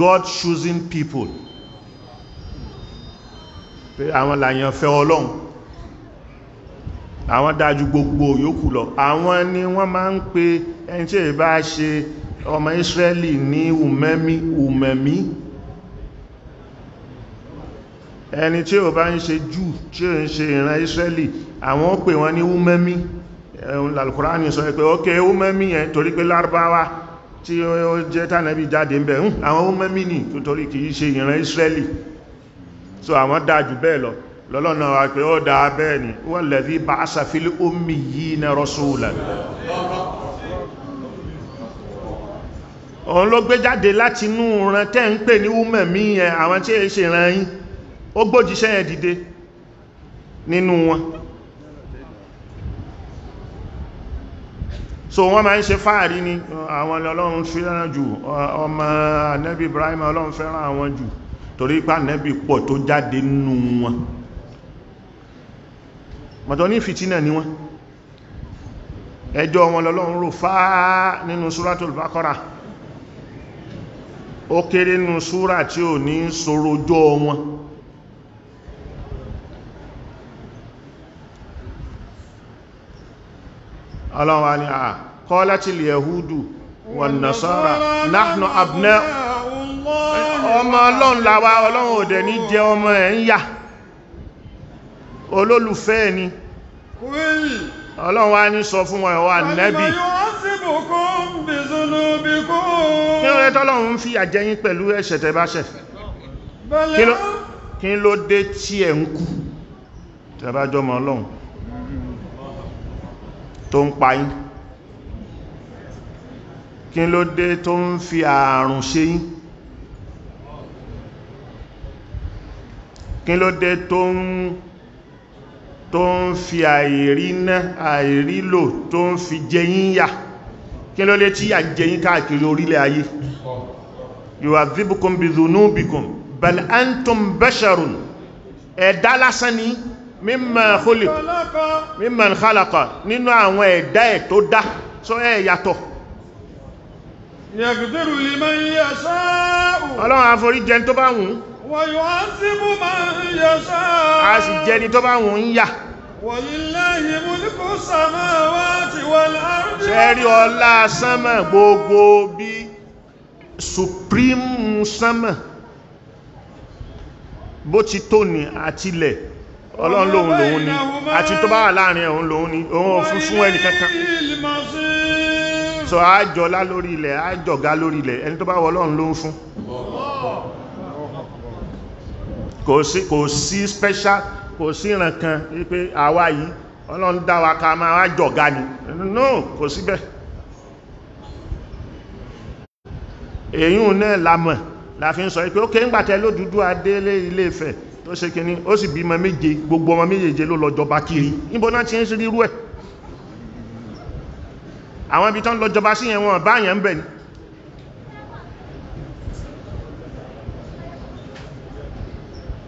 Speaker 2: God choosing people pé àwọn làyàn fẹ́ ọlọ́run àwọn dájú gbogbo yòókù lọ àwọn ni wọ́n máa ń pe ẹni tí èyí bá ṣe ọmọ Israeli ní umemi umemi ẹni tí ó bá ń ṣe jù tí ó ń ṣe ìran Israeli àwọn ó pè wọ́n ní umemi ẹ̀hùn lalkùránì sọ pé ok umemi yẹn torí pé lárúbáwá tí ó jẹ́ tánàbí jáde ń bẹ̀ àwọn umemi ni torí kìí ṣe ìran Israeli so àwọn dájú bẹ́ẹ̀ lọ lọ́lọ́nà wa pé ó dáa bẹ́ẹ̀ ni wọ́n lẹ́dí bá aṣàfilé omi yìí na rọ́sùlà òun ló gbé jáde láti inú ran tẹ́ ń pè ní women mi àwọn tí èyí ṣe ran yín ó gbójíṣẹ́ yẹn dìde nínú wọn so wọ́n máa ń ṣe fáàrí ni àwọn ọlọ́run fẹ́ràn jù ọmọ anẹ́bí ibrahim ọlọ́run fẹ́ràn àwọn jù torí pé ànábì pọ̀ tó jáde nínú wọn mọ̀tọ́ ní fìtínà ni wọ́n ẹjọ́ wọn lọ́lọ́run rò fáá nínú Suratul Baqara ó kéré nínú súrà tí ò ní sorojọ́ wọn ọlọ́wà ni à ah, kọ́lá tí lè yahudu wan nasara
Speaker 1: ọmọ ọlọ́run làwa
Speaker 2: ọlọ́run òdẹ̀ ní jẹ ọmọ ẹ̀ ń yà olólùfẹ́ ẹ̀ ni ọlọ́run wá ní sọ fún wọn wà nẹ́bì kí ló tọ́lọ́run fi àjẹyìn pẹ̀lú ẹ̀ṣẹ̀ tẹ́ kí ló dé tí ẹ̀ ń kú tẹ́ ọlọ́run tó ń pa kí ló dé tó ń fi ààrùn ṣe yín kí ló dé tó ń tó ń fi àìríná àìrílò tó ń fi jẹyìn yà kí ló lé tí yà ń jẹyìn káàkiri orílẹ̀ ayé yu'adhibukum bidhunubikum bal antum basharun ẹ̀dá lásán ni mimma khuliq mimma khalaqa nínú àwọn ẹ̀dá ẹ̀ tó dá sọ ẹ̀ yàtọ̀
Speaker 1: yàgùdẹ̀rù lè máa yí àṣáà wọ́n yóò á sí bú máa ń yẹ sáà a sì jẹ́ ni tó bá wọn ń yà wọ̀líláyé múlùkù sàmáwá ti wà láàrín ṣẹ́rí ọlá
Speaker 2: sánmà gbogbo bí supreme sánmà bó ti tó ní àtilẹ̀ ọlọ́run lòun lòun ni àti tó bá wà láàrin ẹ̀hún lòun ni òun fún fún ẹni kankan so àjọlá lórí ilẹ̀ àjọ̀gá lórí ilẹ̀ ẹni tó bá wọ ọlọ́run fún kò sí kò sí special kò sí ìran kan wípé àwa yìí ọlọ́run dá ká máa wá jọ̀gá ni no kò síbẹ̀ èyún náà lamọ̀ la fi ń sọ wípé ó kéńgbà tẹ lódúdú adélé ilé Ifẹ̀ tó ṣe kíní ó sì bímọ méje gbogbo ọmọ méjèèje ló lọ kiri níbo náà ti ń sí rírú ẹ̀ àwọn ibi tán lọ sí yẹn wọn báyẹn ń bẹ̀ ni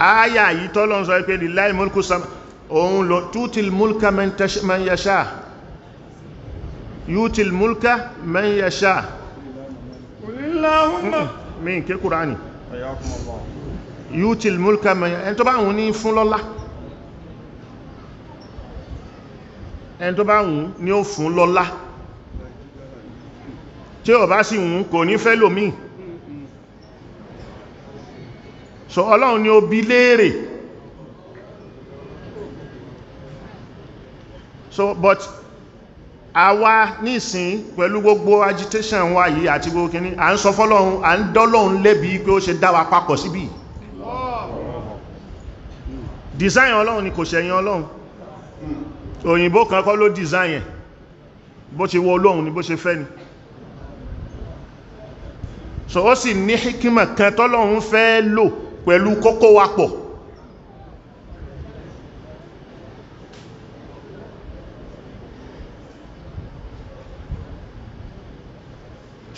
Speaker 2: ááyà yìí tọ́lọ́ ń sọ pé lillahi mulku sama òun lọ tútil mulka man yasha yútil mulka man yasha mi n ké kúránì yútil mulka man yasha ẹni tó bá wùn ní fún lọ́lá ẹni tó bá wùn ní ó fún lọ́lá tí ó bá sì wùn kò ní fẹ́ lòmíì so ọlọ́run ni ó bí léèrè so but àwa nísìn pẹ̀lú gbogbo agitation wa yìí àti gbogbo kìíní à ń sọ fọ́lọ́run à ń dọ́lọ́run lẹ́bi pé ó ṣe dá wa papọ̀ síbí design ọlọ́run ni kò ṣẹ̀yìn ọlọ́run òyìnbó kan kọ́ ló design ẹ̀ bó ṣe wọ olóhun ni bó ṣe fẹ́ ni so ó sì ní hikima kan tọ́lọ́run fẹ́ lò pẹ̀lú kókó wa pọ̀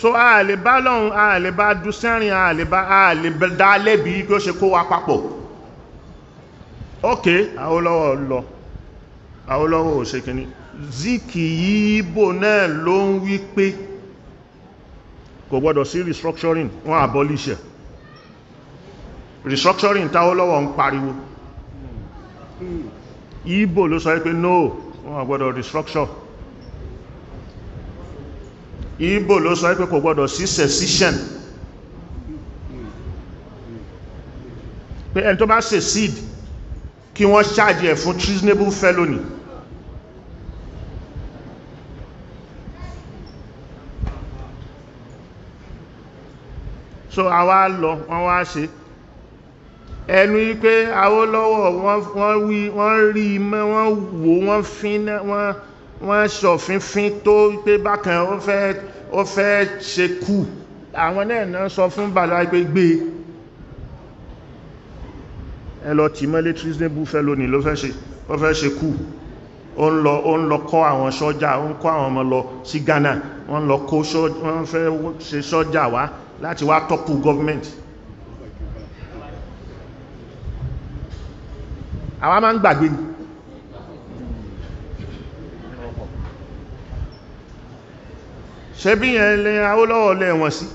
Speaker 2: so a lè bá lọ́run a lè bá dú sẹ́rin a lè bá a lè dá lẹ́bí bí ó ṣe kó wa papọ̀ ok Awólọ́wọ̀ lọ Awólọ́wọ̀ ò ṣe kìíní ziki yíbò náà ló ń wí pé kò gbọ́dọ̀ sí restructuring wọ́n abolish restructuring táwọn lọ́wọ́ ń pariwo Ibo ló sọ pé no wọ́n gbọ́dọ̀ restructure Igbo ló sọ pé kò gbọ́dọ̀ sí secession pé ẹni tó bá secede kí wọ́n ṣáàjì ẹ̀ fún treasonable felony so àwa lọ wọ́n wá ṣe ẹnu wípé Awólọ́wọ̀ wọ́n rí mọ́ wọ́n wò wọ́n fínà wọ́n wọ́n sọ̀fínfín tó wípé bákan ó fẹ́ ṣe kú àwọn náà náà sọ fún bàlá pé gbé e. ẹ lọ tì mọ́lé treasonable fellow ni ló fẹ́ ṣe kú ó ń lọ ó ń lọ kọ́ àwọn sọ́jà ó ń kọ́ àwọn ọmọ lọ sí Ghana wọ́n lọ kó wọ́n fẹ́ ṣe sọ́jà wá láti wá tọ́pù gọ́ọ̀mẹ́ntì àwa máa ń gbàgbé ni ṣe bí yẹn lè Awólọ́wọ̀ lẹ́wọ̀n sí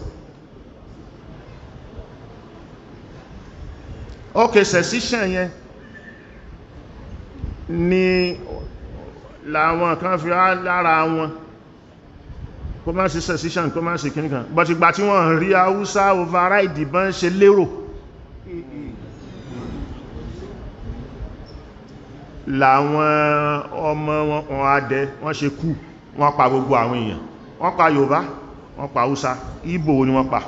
Speaker 2: ok secession yẹn ni làwọn kan fi lára wọn kó má sí secession kó má sí kíníkan but ìgbà tí wọ́n rí Haúsá override ìbọn ṣe lérò làwọn ọmọ wọn adẹ wọ́n ṣe kú wọ́n pa gbogbo àwọn èèyàn wọ́n pa Yorùbá wọ́n pa Hausa Ìgbò ni wọ́n pa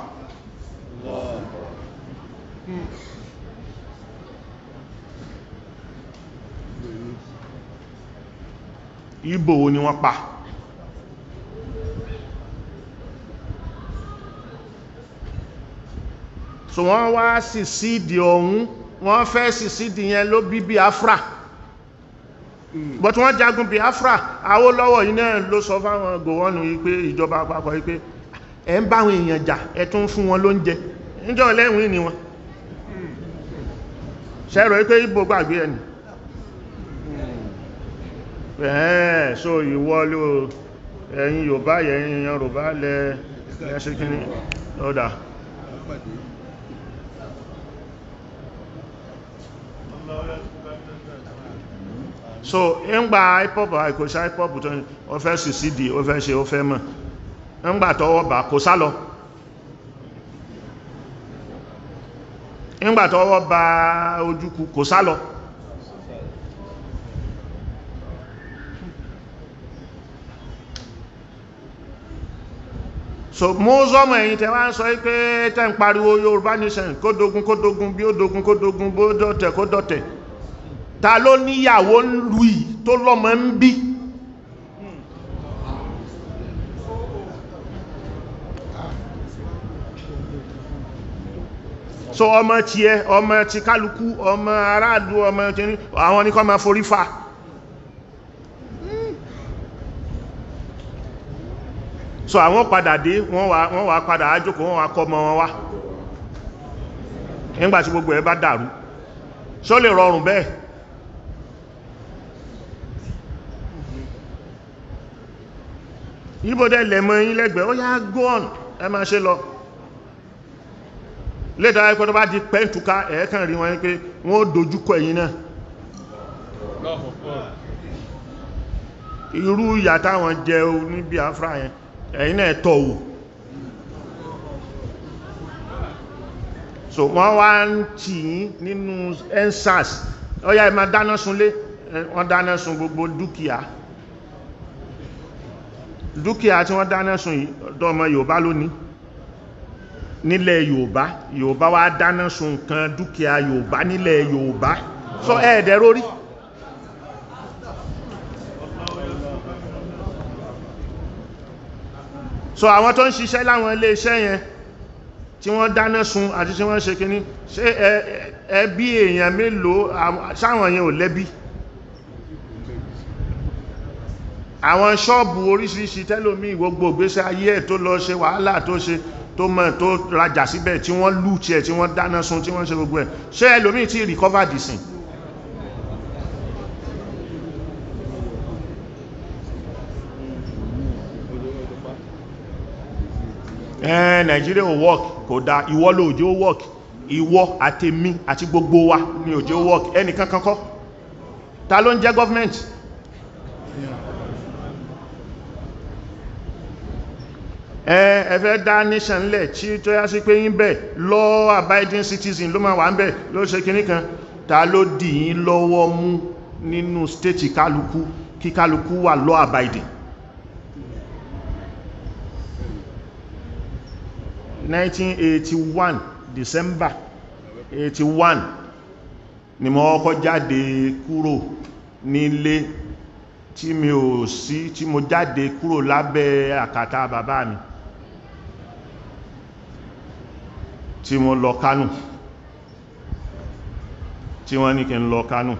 Speaker 2: Ìgbò ni wọ́n pa so wọ́n wá sì sídìí ọ̀hún wọ́n fẹ́ sì sídìí yẹn ló bí Biafra. afra but wọ́n jagun Biafra Awólọ́wọ̀ yìí náà ló sọ fáwọn gòwọ́nù wípé ìjọba àpapọ̀ wípé ẹ̀ ń báwọn èèyàn jà ẹ̀ tún fún wọn lóúnjẹ níjọ́ lẹ́wìn ni wọn ṣẹ́rọ wípé Ìgbò gbàgbé ẹni so ìwọ ló ẹ̀yin Yorùbá ẹ̀yin Yorùbá lẹ ẹ̀ṣẹ́kíní ọ̀dà Thank so ńgbà hip-hop ah, kò hip-hop tó ní o fẹ́ sùsídìí o fẹ́ ṣe o fẹ́ mọ̀ ńgbà tọwọ́ bà kò sálọ ńgbà tọwọ́ bà ojúkú kò so mọ́sọ́mọ̀ ẹ̀yìn tẹ́wà ń sọ pé tẹ́ ń pariwo Yorùbá nation kó dogun kó dogun bí ó dogun kó bó dọ̀tẹ̀ ta ló níyàwó ń lu yìí tó lọ́mọ ń bí so ọmọ tí ẹ ọmọ tí kálukú ọmọ aráàlú ọmọ tí àwọn ní kọ́ ma forí fa so àwọn padà dé wọ́n wà padà ájókò wọ́n wà kọ́ ọmọ wọn wá nígbàtí gbogbo ẹ bá dàrú so lè rọrùn bẹ́ẹ̀ yíbọ̀dẹ̀ lẹ̀mọ́ yí lẹ́gbẹ̀ẹ́ ó yá go on ẹ máa ṣe lọ lẹ́tà ẹ̀kọ́ tó bá di pẹ́ntùká ẹ̀ẹ́kàn rí wọn pé wọ́n dojúkọ ẹ̀yìn náà irú ìyà táwọn jẹ ní Biafra yẹn ẹ̀yìn náà tọ̀ wò so wọ́n wá ń tì yí nínú ensars ó yá ẹ máa dáná sunlé wọ́n dáná sun gbogbo dúkìá dúkìá tí wọ́n dáná sun ọmọ Yorùbá lónìí nílẹ̀ Yorùbá Yorùbá wá dáná sun nǹkan dúkìá Yorùbá nílẹ̀ Yorùbá sọ ẹ̀ẹ̀dẹ̀ rórí so àwọn tó ń ṣiṣẹ́ láwọn ilé iṣẹ́ yẹn tí wọ́n dáná sun àti tí wọ́n ṣe kíní ṣé ẹbí èèyàn mélòó sáwọn yẹn ò lẹ́bí àwọn ṣọ́ọ̀bù oríṣiríṣi tẹ́lómi ìwọ́gbò gbéṣẹ́ ayé ẹ̀ tó lọ ṣe wàhálà tó ṣe tó mọ̀ tó rajà síbẹ̀ tí wọ́n lù tí ẹ̀ tí wọ́n dáná sun tí wọ́n ṣe gbogbo ẹ̀ ṣé ẹlòmí tí recover dìsìn ẹ̀ẹ́ Nigeria ò work kò dá ìwọ ló òjò work ìwọ àtèmi àti gbogbo wa ni òjò work ẹnìkan kankan ta ló ń jẹ́ government ẹ̀fẹ́ dá nation lẹ̀ tí tó yá sí pé ń bẹ̀ law abiding citizen ló máa wà ń bẹ̀ ló ṣe kinní kan ta ló dì yín lọ́wọ́ mú nínú stéètì kálukú kí kálukú wà law abiding 1981 December 81 ni mo kọ́ jáde kúrò nílé tí mi ò sí tí mo jáde kúrò lábẹ́ àkàtà bàbá mi tí mo lọ kánù tí wọ́n ní kí n lọ kánù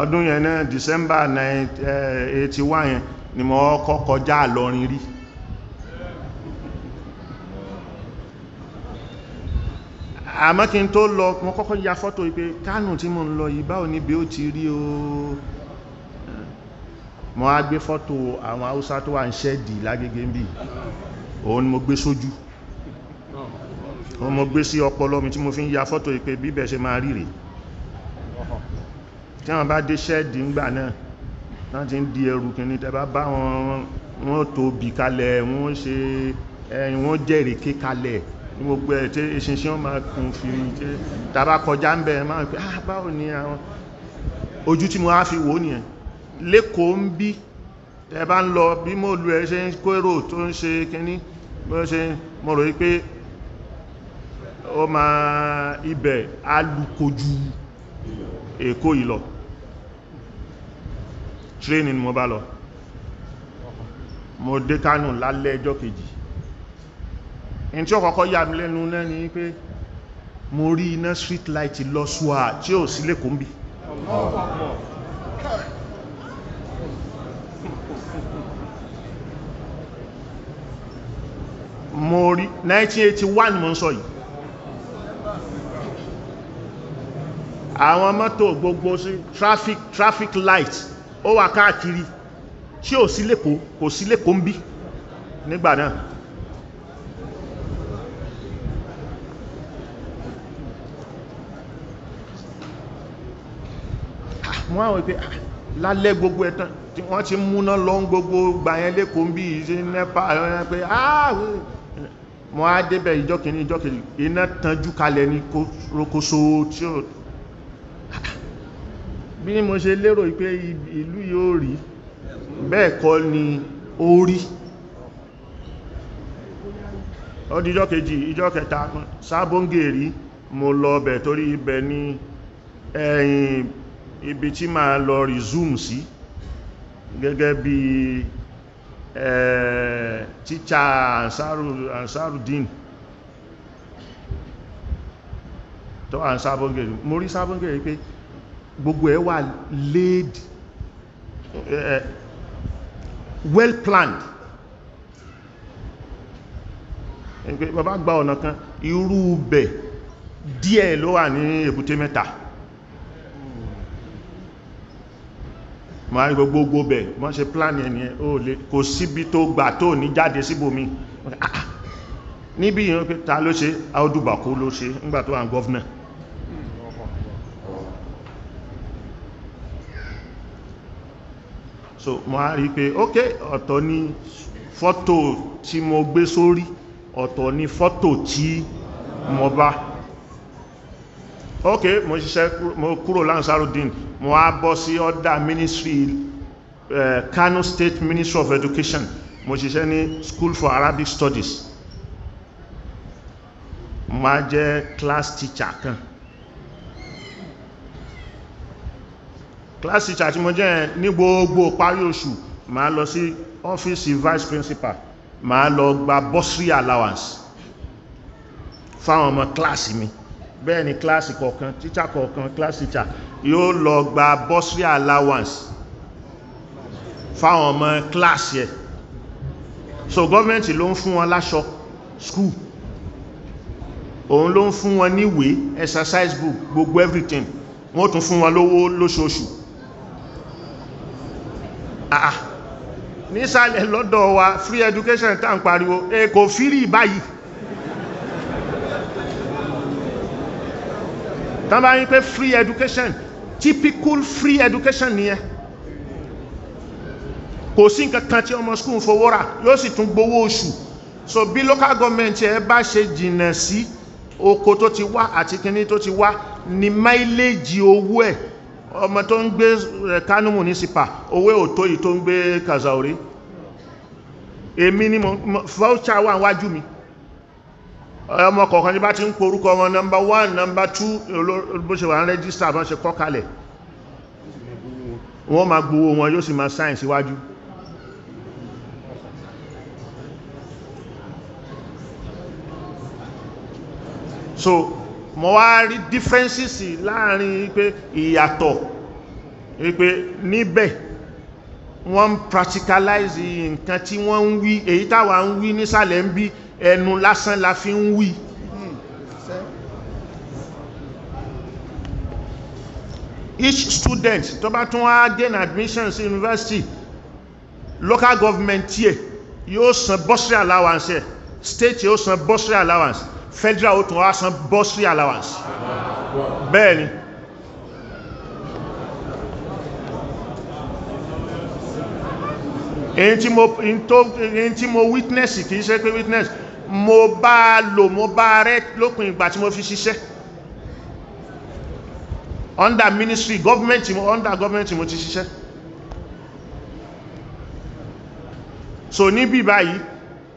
Speaker 2: ọdún yẹn náà December 1981 eh, yẹn ni mo kọ́ kọjá àlọrin rí àmọ́ kí n tó lọ mo kọ́kọ́ ya fọ́tò wípé kánù tí mo ń lọ yìí báwo ni ó ti rí o mo á gbé fọ́tò àwọn haúsá tó wà ń ṣẹ́dì lágége ń òun ni mo gbé sójú so wọ́n mo gbé sí ọpọlọ mi tí mo fi ń ya fọ́tò ìpé bíbẹ̀ ṣe máa rí rè tí wọ́n bá dé ṣẹ́ẹ̀dì ńgbà náà wọ́n ti ń di ẹrù kìíní tẹ́bá bá wọn wọ́n tóbi kalẹ̀ wọ́n ṣe ẹ̀yìn wọ́n jẹ́rìí ké kalẹ̀ ní gbogbo ẹ̀ tí ìṣinṣin máa kún fi tí tàbá kọjá ń bẹ̀ máa pẹ́ ah báwo ni àwọn ojú tí mo á fi wò nìyẹn lẹ́kọ̀ọ́ ń bí tẹ́bá ń lọ bí mo lu ẹ̀ ṣe ń kérò tó ń ṣe kíní bó ṣe mo rò wípé ọmọ ibẹ̀ alukojú èkó ìlọ training mo bá lọ mo dé kánù lálẹ́ ẹjọ́ kejì in tí ó kọ́kọ́ yà mí lẹ́nu náà ni pé mo rí iná street light lọ ṣúà tí ò sí lẹ́kùn bí mo rí 1981 mo sọ yìí àwọn mọ́tò gbogbo traffic traffic light ó wà káàkiri tí ò sí lẹ́kọ́ kò sí lẹ́kọ́ ń bí nígbà náà wọ́n àwọn ìpé lálẹ́ gbogbo ẹ̀tàn tí wọ́n ti múná lọ ń gbogbo gbàyẹn lẹ́kọ́ ń bí ìṣẹ́ nẹ́pà àwọn pé ààwẹ̀ mọ́ á débẹ̀ ìjọ́kìní ìjọ́kìní iná tanjú kalẹ̀ ní kóso tí ó bí mo ṣe lérò pé ìlú yóò rí bẹ́ẹ̀ kọ́ ni ó rí ọdún ìjọ́ kejì ìjọ́ kẹta sábóngèrí mo lọ bẹ̀ torí ibẹ̀ ni ẹ̀yìn ibi tí ma lọ rí zoom sí gẹ́gẹ́ bí eh, tíṣà ansarudin ansaru tó à ń sábọ́ngẹ̀rì mo rí sábọ́ngẹ̀rì pé gbogbo ẹ̀ wà laid well planned pé bàbá gba ọ̀nà kan irú bẹ̀ díẹ̀ ló wà ní èbúté mẹ́ta ma rí gbogbo bẹ̀ wọ́n ṣe plan ẹni ẹ̀ kò síbi tó gbà tó ní jáde síbòmí ah, ah. níbi ìran pé ta ló ṣe áódùbàkú ló ṣe nígbà tó wà gọ́ọ̀nà so mo á rí pé ok ọ̀tọ̀ ni fọ́tò tí mo gbé sórí ọ̀tọ̀ ni fọ́tò tí mo bá ok mo ṣiṣẹ́ mo kúrò lansarudin mo á bọ́ sí ọ́dà ministry eh, Kano State Ministry of Education mo ṣiṣẹ́ ní school for Arabic studies mo á jẹ́ class teacher kan class teacher tí mo jẹ́ ní gbogbo parí oṣù ma lọ sí ọ́fíìsì vice principal ma lọ gba bursary allowance fáwọn ọmọ class mi bẹ́ẹ̀ ni class kọ̀ọ̀kan teacher kọ̀ọ̀kan class teacher yóò lọ gba bursary allowance fáwọn ọmọ class yẹ so government ló ń fún wọn láṣọ school òun ló ń fún wọn níwèé exercise book gbogbo everything wọ́n tún fún wọn lówó lóṣooṣù àà ah, ah. nísàlẹ̀ lọ́dọ̀ wa free education tá ń pariwo e kò fírì báyìí tán bá ń pé free education typical free education nìyẹn kò sí nǹkan kan tí ọmọ skúl fowó rà yóò sì tún gbowó oṣù so bí local government ẹ bá ṣe jìnà sí oko tó ti wá àti kíní tó ti wá ní máìlèjì owó ẹ̀ ọmọ tó ń gbé Kánú municipal owó òtó yìí tó ń gbé Kazauri èmi ni voucher wà wájú mi ọmọ kọ̀ọ̀kan ní bá ti ń porúkọ wọn nọmbà 1 nọmbà 2 bó ṣe wà ń rẹ́gísítà bọ́n ṣe kọ́ kalẹ̀ wọ́n máa gbowó wọn yóò sì máa sáìn síwájú so mo wá rí differences láàrin pé ìyàtọ̀ wípé níbẹ̀ wọ́n ń practicalize nǹkan tí wọ́n ń wí èyí táwa ń wí nísàlẹ̀ ń bí ẹnu lásán la fi ń wí each student tó bá tún wá gain admissions university local government tiẹ̀ yóò san bursary allowance state yóò san bursary allowance federal ó tún wá san bursary allowance bẹ́ẹ̀ ni èyí tí mo witness kìí ṣe pé witness mo bá lò mo bá rẹ lópin ìgbà tí mo fi ṣiṣẹ́ under ministry government under government mo ti ṣiṣẹ́ so níbí báyìí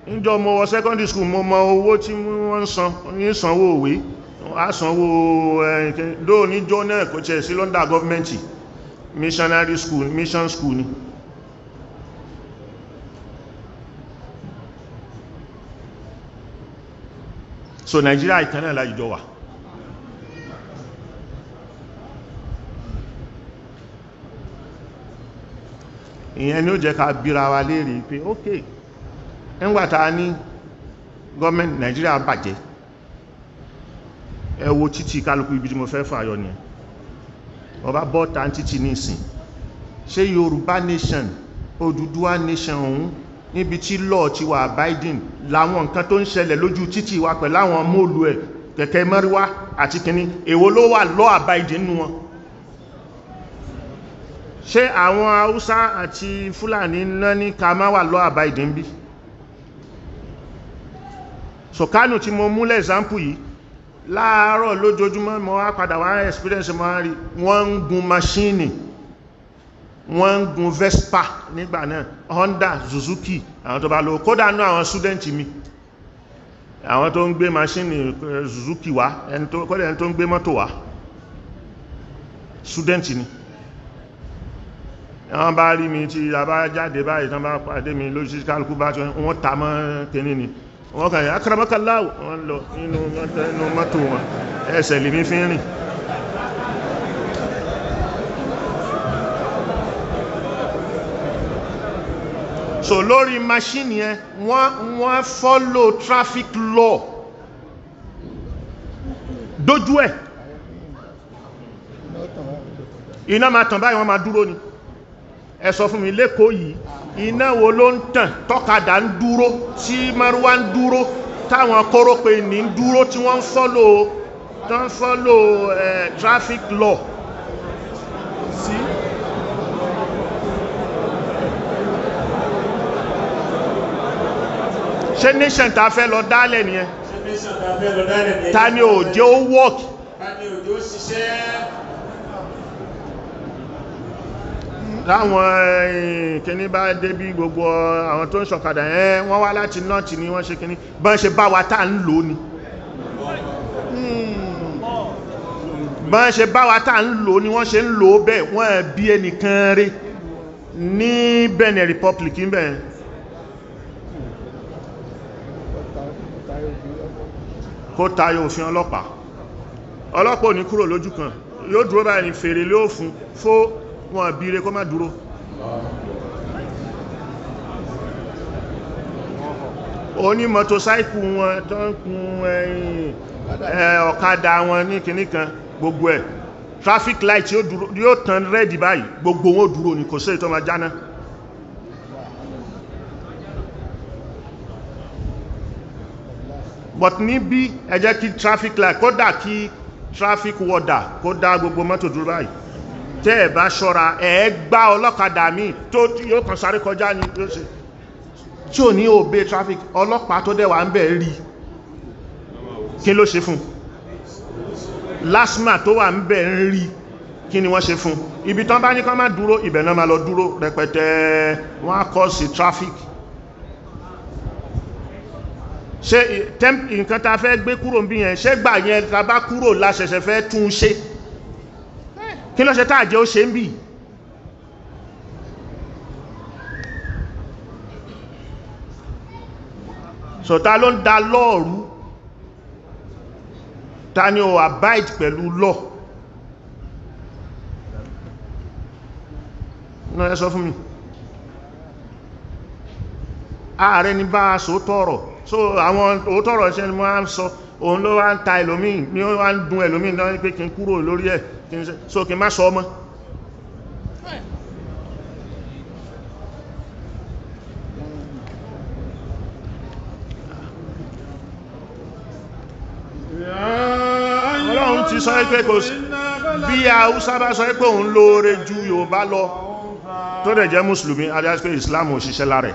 Speaker 2: níjọ mo wọ secondary school mo mọ owó tí wọ́n san ní ìsanwó òwe àsanwó ẹ̀ẹ́dó níjọ náà kò tẹ̀ sí lọ́ndà gọ́ọ̀mẹ́ntì missionary school mission school ni so Nigeria ìkan náà lájújọ wà ìyẹn ni ó jẹ́ ká bíra wa léèrè pé okay ńgbàtà ní gọ́ọ̀mẹ́ntì Nigeria bàjẹ́ ẹ wo títì kálukú ibi tí mo fẹ́ fàyọ ni ọba bọ́ta títì ní ìsìn ṣé Yorùbá nation Odùduwà nation ọ̀hún níbi tí lọ́ọ̀ ti wà abiding láwọn nǹkan tó ń ṣẹlẹ̀ lójú títì wa pẹ̀lú àwọn móòlù ẹ̀ kẹ̀kẹ́ mẹ́ríwá àti kìíní èwo ló wà lọ́ọ̀ abiding nínú wọn ṣé àwọn Haúsá àti Fúlàní náà ní ká má wà lọ́ọ̀ abiding bí i so kánù tí mo múlẹ̀ example yìí láàárọ̀ lójoojúmọ́ mo wá padà wá experience mo wá rí wọ́n ń gun maṣíìnì wọ́n gun vespa nígbà náà honda suzuki àwọn tó bá lọ kódà náà àwọn student mi àwọn tó ń gbé maṣíìnì suzuki wá kódà ẹni tó ń gbé mọ́tò wá student ni wọ́n bá rí mi tí a jáde báyìí tán bá pàdé mi lójú kálukú bá tí wọ́n ta mọ́ ni wọ́n kàn yín akramakallahu wọ́n lọ nínú mọ́tò wọn ẹsẹ̀ lèmi fi ń rìn so lórí machine yẹn wọ́n wọ́n follow traffic law dójú ẹ̀ iná máa tàn báyìí wọ́n máa dúró ni ẹ sọ fún mi lẹ́kọ̀ọ́ yìí iná wo ló ń tàn tọ́kadà ń dúró tí márúwá ń dúró táwọn kórópè ní ń dúró tí wọ́n ń fọ́lò tó ń fọ́lò traffic law sí. ṣé nation ta fẹ́ lọ dálẹ̀ nìyẹn ta ni òjò work ta ni òjò ṣiṣẹ́. láwọn eh, kìíní bá débí gbogbo àwọn tó ń ṣọ̀kadà ẹ́ wọ́n wá láti nọ́ọ̀tì ni wọ́n ṣe kìíní bá ń ṣe bá wa tá ń lò ní
Speaker 3: hmm.
Speaker 2: bá ń ṣe bá wa tá ń lò ní wọ́n ṣe ń lò bẹ́ẹ̀ wọ́n bí ẹnìkan rí ní Benin Republic ń bẹ̀rẹ̀ kó tayọ òfin ọlọ́pàá ọlọ́pàá ò ní kúrò lójú kan yóò dúró báyìí fèrè lé òfin fó wọn àbíire kọ́ má dúró oní mọ́tòsáìkù wọn tó ń kun eh, eh, ọ̀kadà wọn ní kìíní kan gbogbo ẹ̀ traffic light yóò tàn rẹ́dì báyìí gbogbo wọn dúró ní kò sí ètò ọmọ jáná but níbi ẹ jẹ́ kí traffic light kódà kí traffic warder kó dá gbogbo mọ́tò dúró báyìí tẹ́ ẹ̀ bá ṣọ́ra ẹ̀ gbá ọlọ́kadà míì tó yóò kàn sáré kọjá ní yóò ṣe tí ò ní òbe traffic ọlọ́pàá tó dẹ̀ wà ń bẹ̀ rí kí ló ṣe fún lásmà tó wà ń bẹ̀ ń rí kí ni wọ́n ṣe fún ibi tán bá ní kán má dúró ibẹ̀ náà má lọ dúró rẹpẹtẹ wọ́n á kọ́ sí traffic ṣe nǹkan ta fẹ́ gbé kúrò ń bí yẹn ṣé gbà yẹn ta bá kúrò la fẹ́ tún ṣe kí ló ṣe tá àjẹ́ ó ṣe ń bì sọ̀tá ló ń da lọ́ọ̀rú ta ni ó abide pẹ̀lú lọ́ọ̀ náà ẹ sọ fún mi ààrẹ ní bá a sọ tọ́rọ̀ so àwọn òótọ́rọ̀ ṣe ni wọ́n á ń sọ òun ló wá ń ta ẹlòmíì ni ó wá ń dun ẹlòmíì náà pé kí n kúrò lórí ẹ̀ so kí má sọ ọmọ ọlọ́run ti sọ pé kò bí Haúsá bá sọ pé òun lóore ju Yorùbá lọ tó dẹ̀ jẹ́ mùsùlùmí alias pé Islam lára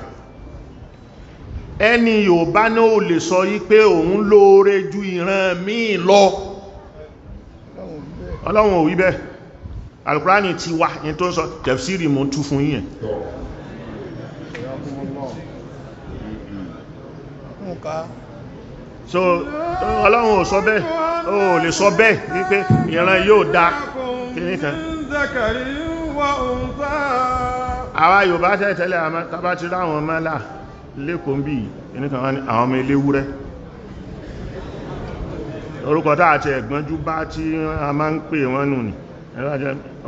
Speaker 2: ẹni Yorùbá náà lè sọ yí òun lóore ju ìran míì lọ ọlọ́run ò wí bẹ́ẹ̀ ti wá ní tó ń sọ tẹ̀fsíìrì mú tú fún yín so ọlọ́run ò sọ bẹ́ẹ̀ o lè sọ bẹ́ẹ̀ wípé ìran yóò dá kìníkan àwa Yorùbá tẹ́tẹ́lẹ̀ àmọ́ tàbátí láwọn mọ́lá lẹ́kọ̀ọ́ bí kìníkan wọn àwọn ọmọ ilé wúrẹ́ orúkọ tá àti ẹ̀gbọ́njú bá tí a máa ń pè wọ́n nù ní ẹ̀rọ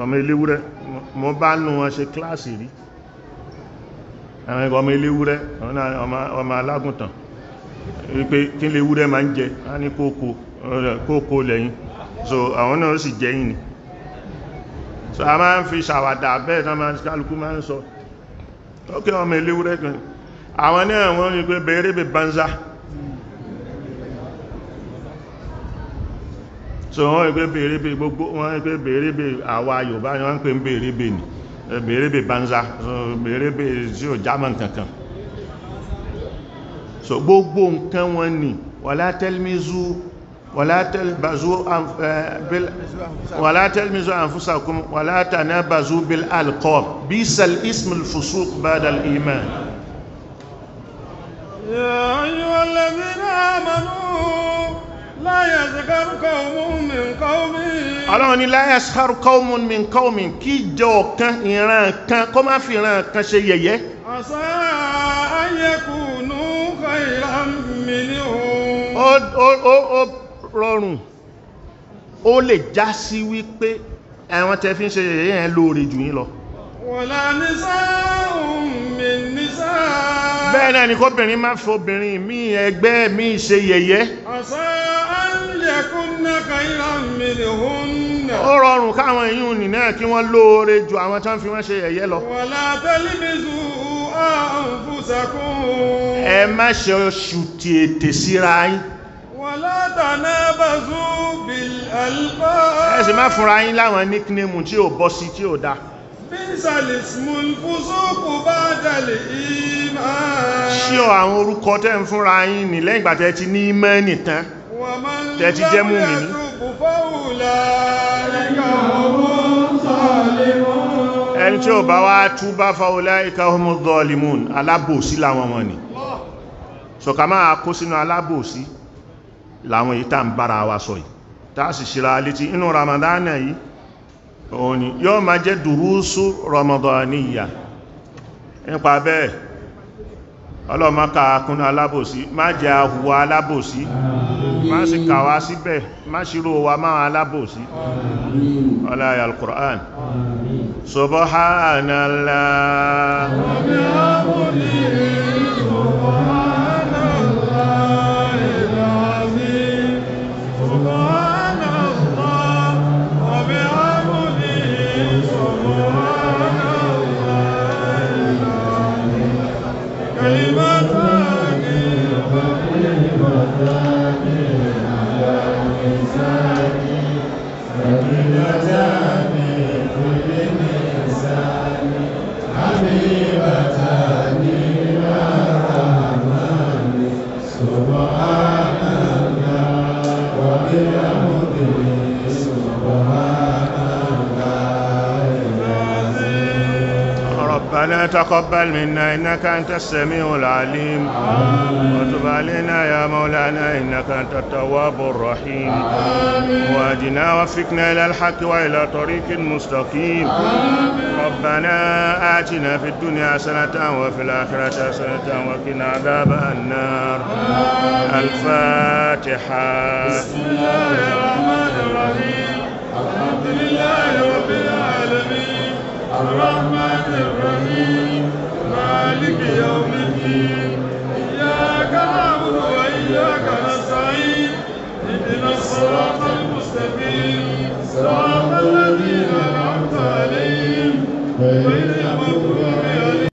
Speaker 2: ọmọ eléwúrẹ́ mo bá nù wọn ṣe kíláàsì rí àwọn ẹgbẹ́ ọmọ eléwúrẹ́ ọmọ alágùntàn wípé kí lè wúrẹ́ máa ń jẹ a ní kókó lẹ́yìn so àwọn náà sì jẹ́yìn ni so a máa ń fi ṣàwàdà bẹ́ẹ̀ tán máa ń kálukú máa ń sọ ókè ọmọ eléwúrẹ́ kan àwọn náà wọ́n ní pé bẹ̀rẹ̀ bẹ̀ banza so wọ́n wípé bèrèbè gbogbo wọ́n wípé bèrèbè àwa Yorùbá ni wọ́n ń pè ń bèrèbè ni bèrèbè banza bèrèbè tí ò jámọ́ kankan so gbogbo nǹkan wọn ni wàlá tẹ́lmízú wàlá tẹ́lmízú àǹfúsàkún wàlá tànábàzú bil alqab bisal ismul fusuq badal iman
Speaker 3: يا
Speaker 1: أيها الذين آمنوا ọlọ́run ni
Speaker 2: láyásíkárù kọ́ọ̀mùn min kọ́ọ̀mùn kí jọ kan ìran kan kọ́ máa fi ìran kan ṣe yẹ̀yẹ́
Speaker 1: àṣà ayẹkùnú
Speaker 2: kàìlàmìnì ó rọrùn ó lè já sí wípé àwọn tẹ́ fi ń ṣe yẹ̀yẹ́ yẹn lóore jù yín lọ
Speaker 1: wọ̀lá nísáàrùn mi nísáà
Speaker 2: bẹ́ẹ̀ náà ni kóbìnrin má fobìnrin mí ẹgbẹ́ mí ṣe yẹ̀yẹ́
Speaker 1: àṣà yẹkúnná kàílà mìírànlá ó
Speaker 2: rọrùn káwọn èyún nì náà kí wọ́n lóore ju àwọn tán fi wọ́n ṣe ẹ̀yẹ lọ
Speaker 1: wàlá tẹ́lìmìsù àǹfùsàkún ẹ má
Speaker 2: ṣe ṣùtì ètè síra yín
Speaker 1: wàlá tànábàzú bil alfáà ẹ sì má
Speaker 2: fúnra yín láwọn nickname tí ò bọ́ sí tí ò dáa ṣíọ̀ àwọn orúkọ tẹ́ ń fúnra yín ní lẹ́yìn ìgbà ti ní ìmánì tán tẹ́tí jẹ́ mú mi ní ẹni tí ó bá wá túbá fáwọlá ìkáhùnmọ́ dọ́ọ̀lìmún alábòsí láwọn wọn ni sọ̀ká máa kó sínú alábòsí láwọn èyí tàà ń bára wa sọ yìí tàà sì ṣíra létí inú ramadana yìí òun ni yóò máa jẹ́ dùrúsù ramadaniya nípa bẹ́ẹ̀ ọlọ́mọ ká kúnnà alábòsí má jẹ́ àhùwà alábòsí má sì kàwá síbẹ̀ má ṣírò wa máa alábòsí ọláyà al-Qur'an subhanallah تقبل منا إنك أنت السميع العليم وتب علينا يا مولانا إنك أنت التواب الرحيم وأدنا وفقنا إلى الحق وإلى طريق مستقيم ربنا آتنا في الدنيا سنة وفي الآخرة سنة وقنا عذاب النار الفاتحة بسم
Speaker 3: الله الرحمن الرحيم الحمد لله رب
Speaker 1: الرحمن الرحيم مالك يوم الدين إياك نعبد وإياك نستعين اهدنا الصراط المستقيم صراط الذين أنعمت عليهم غير المغضوب عليهم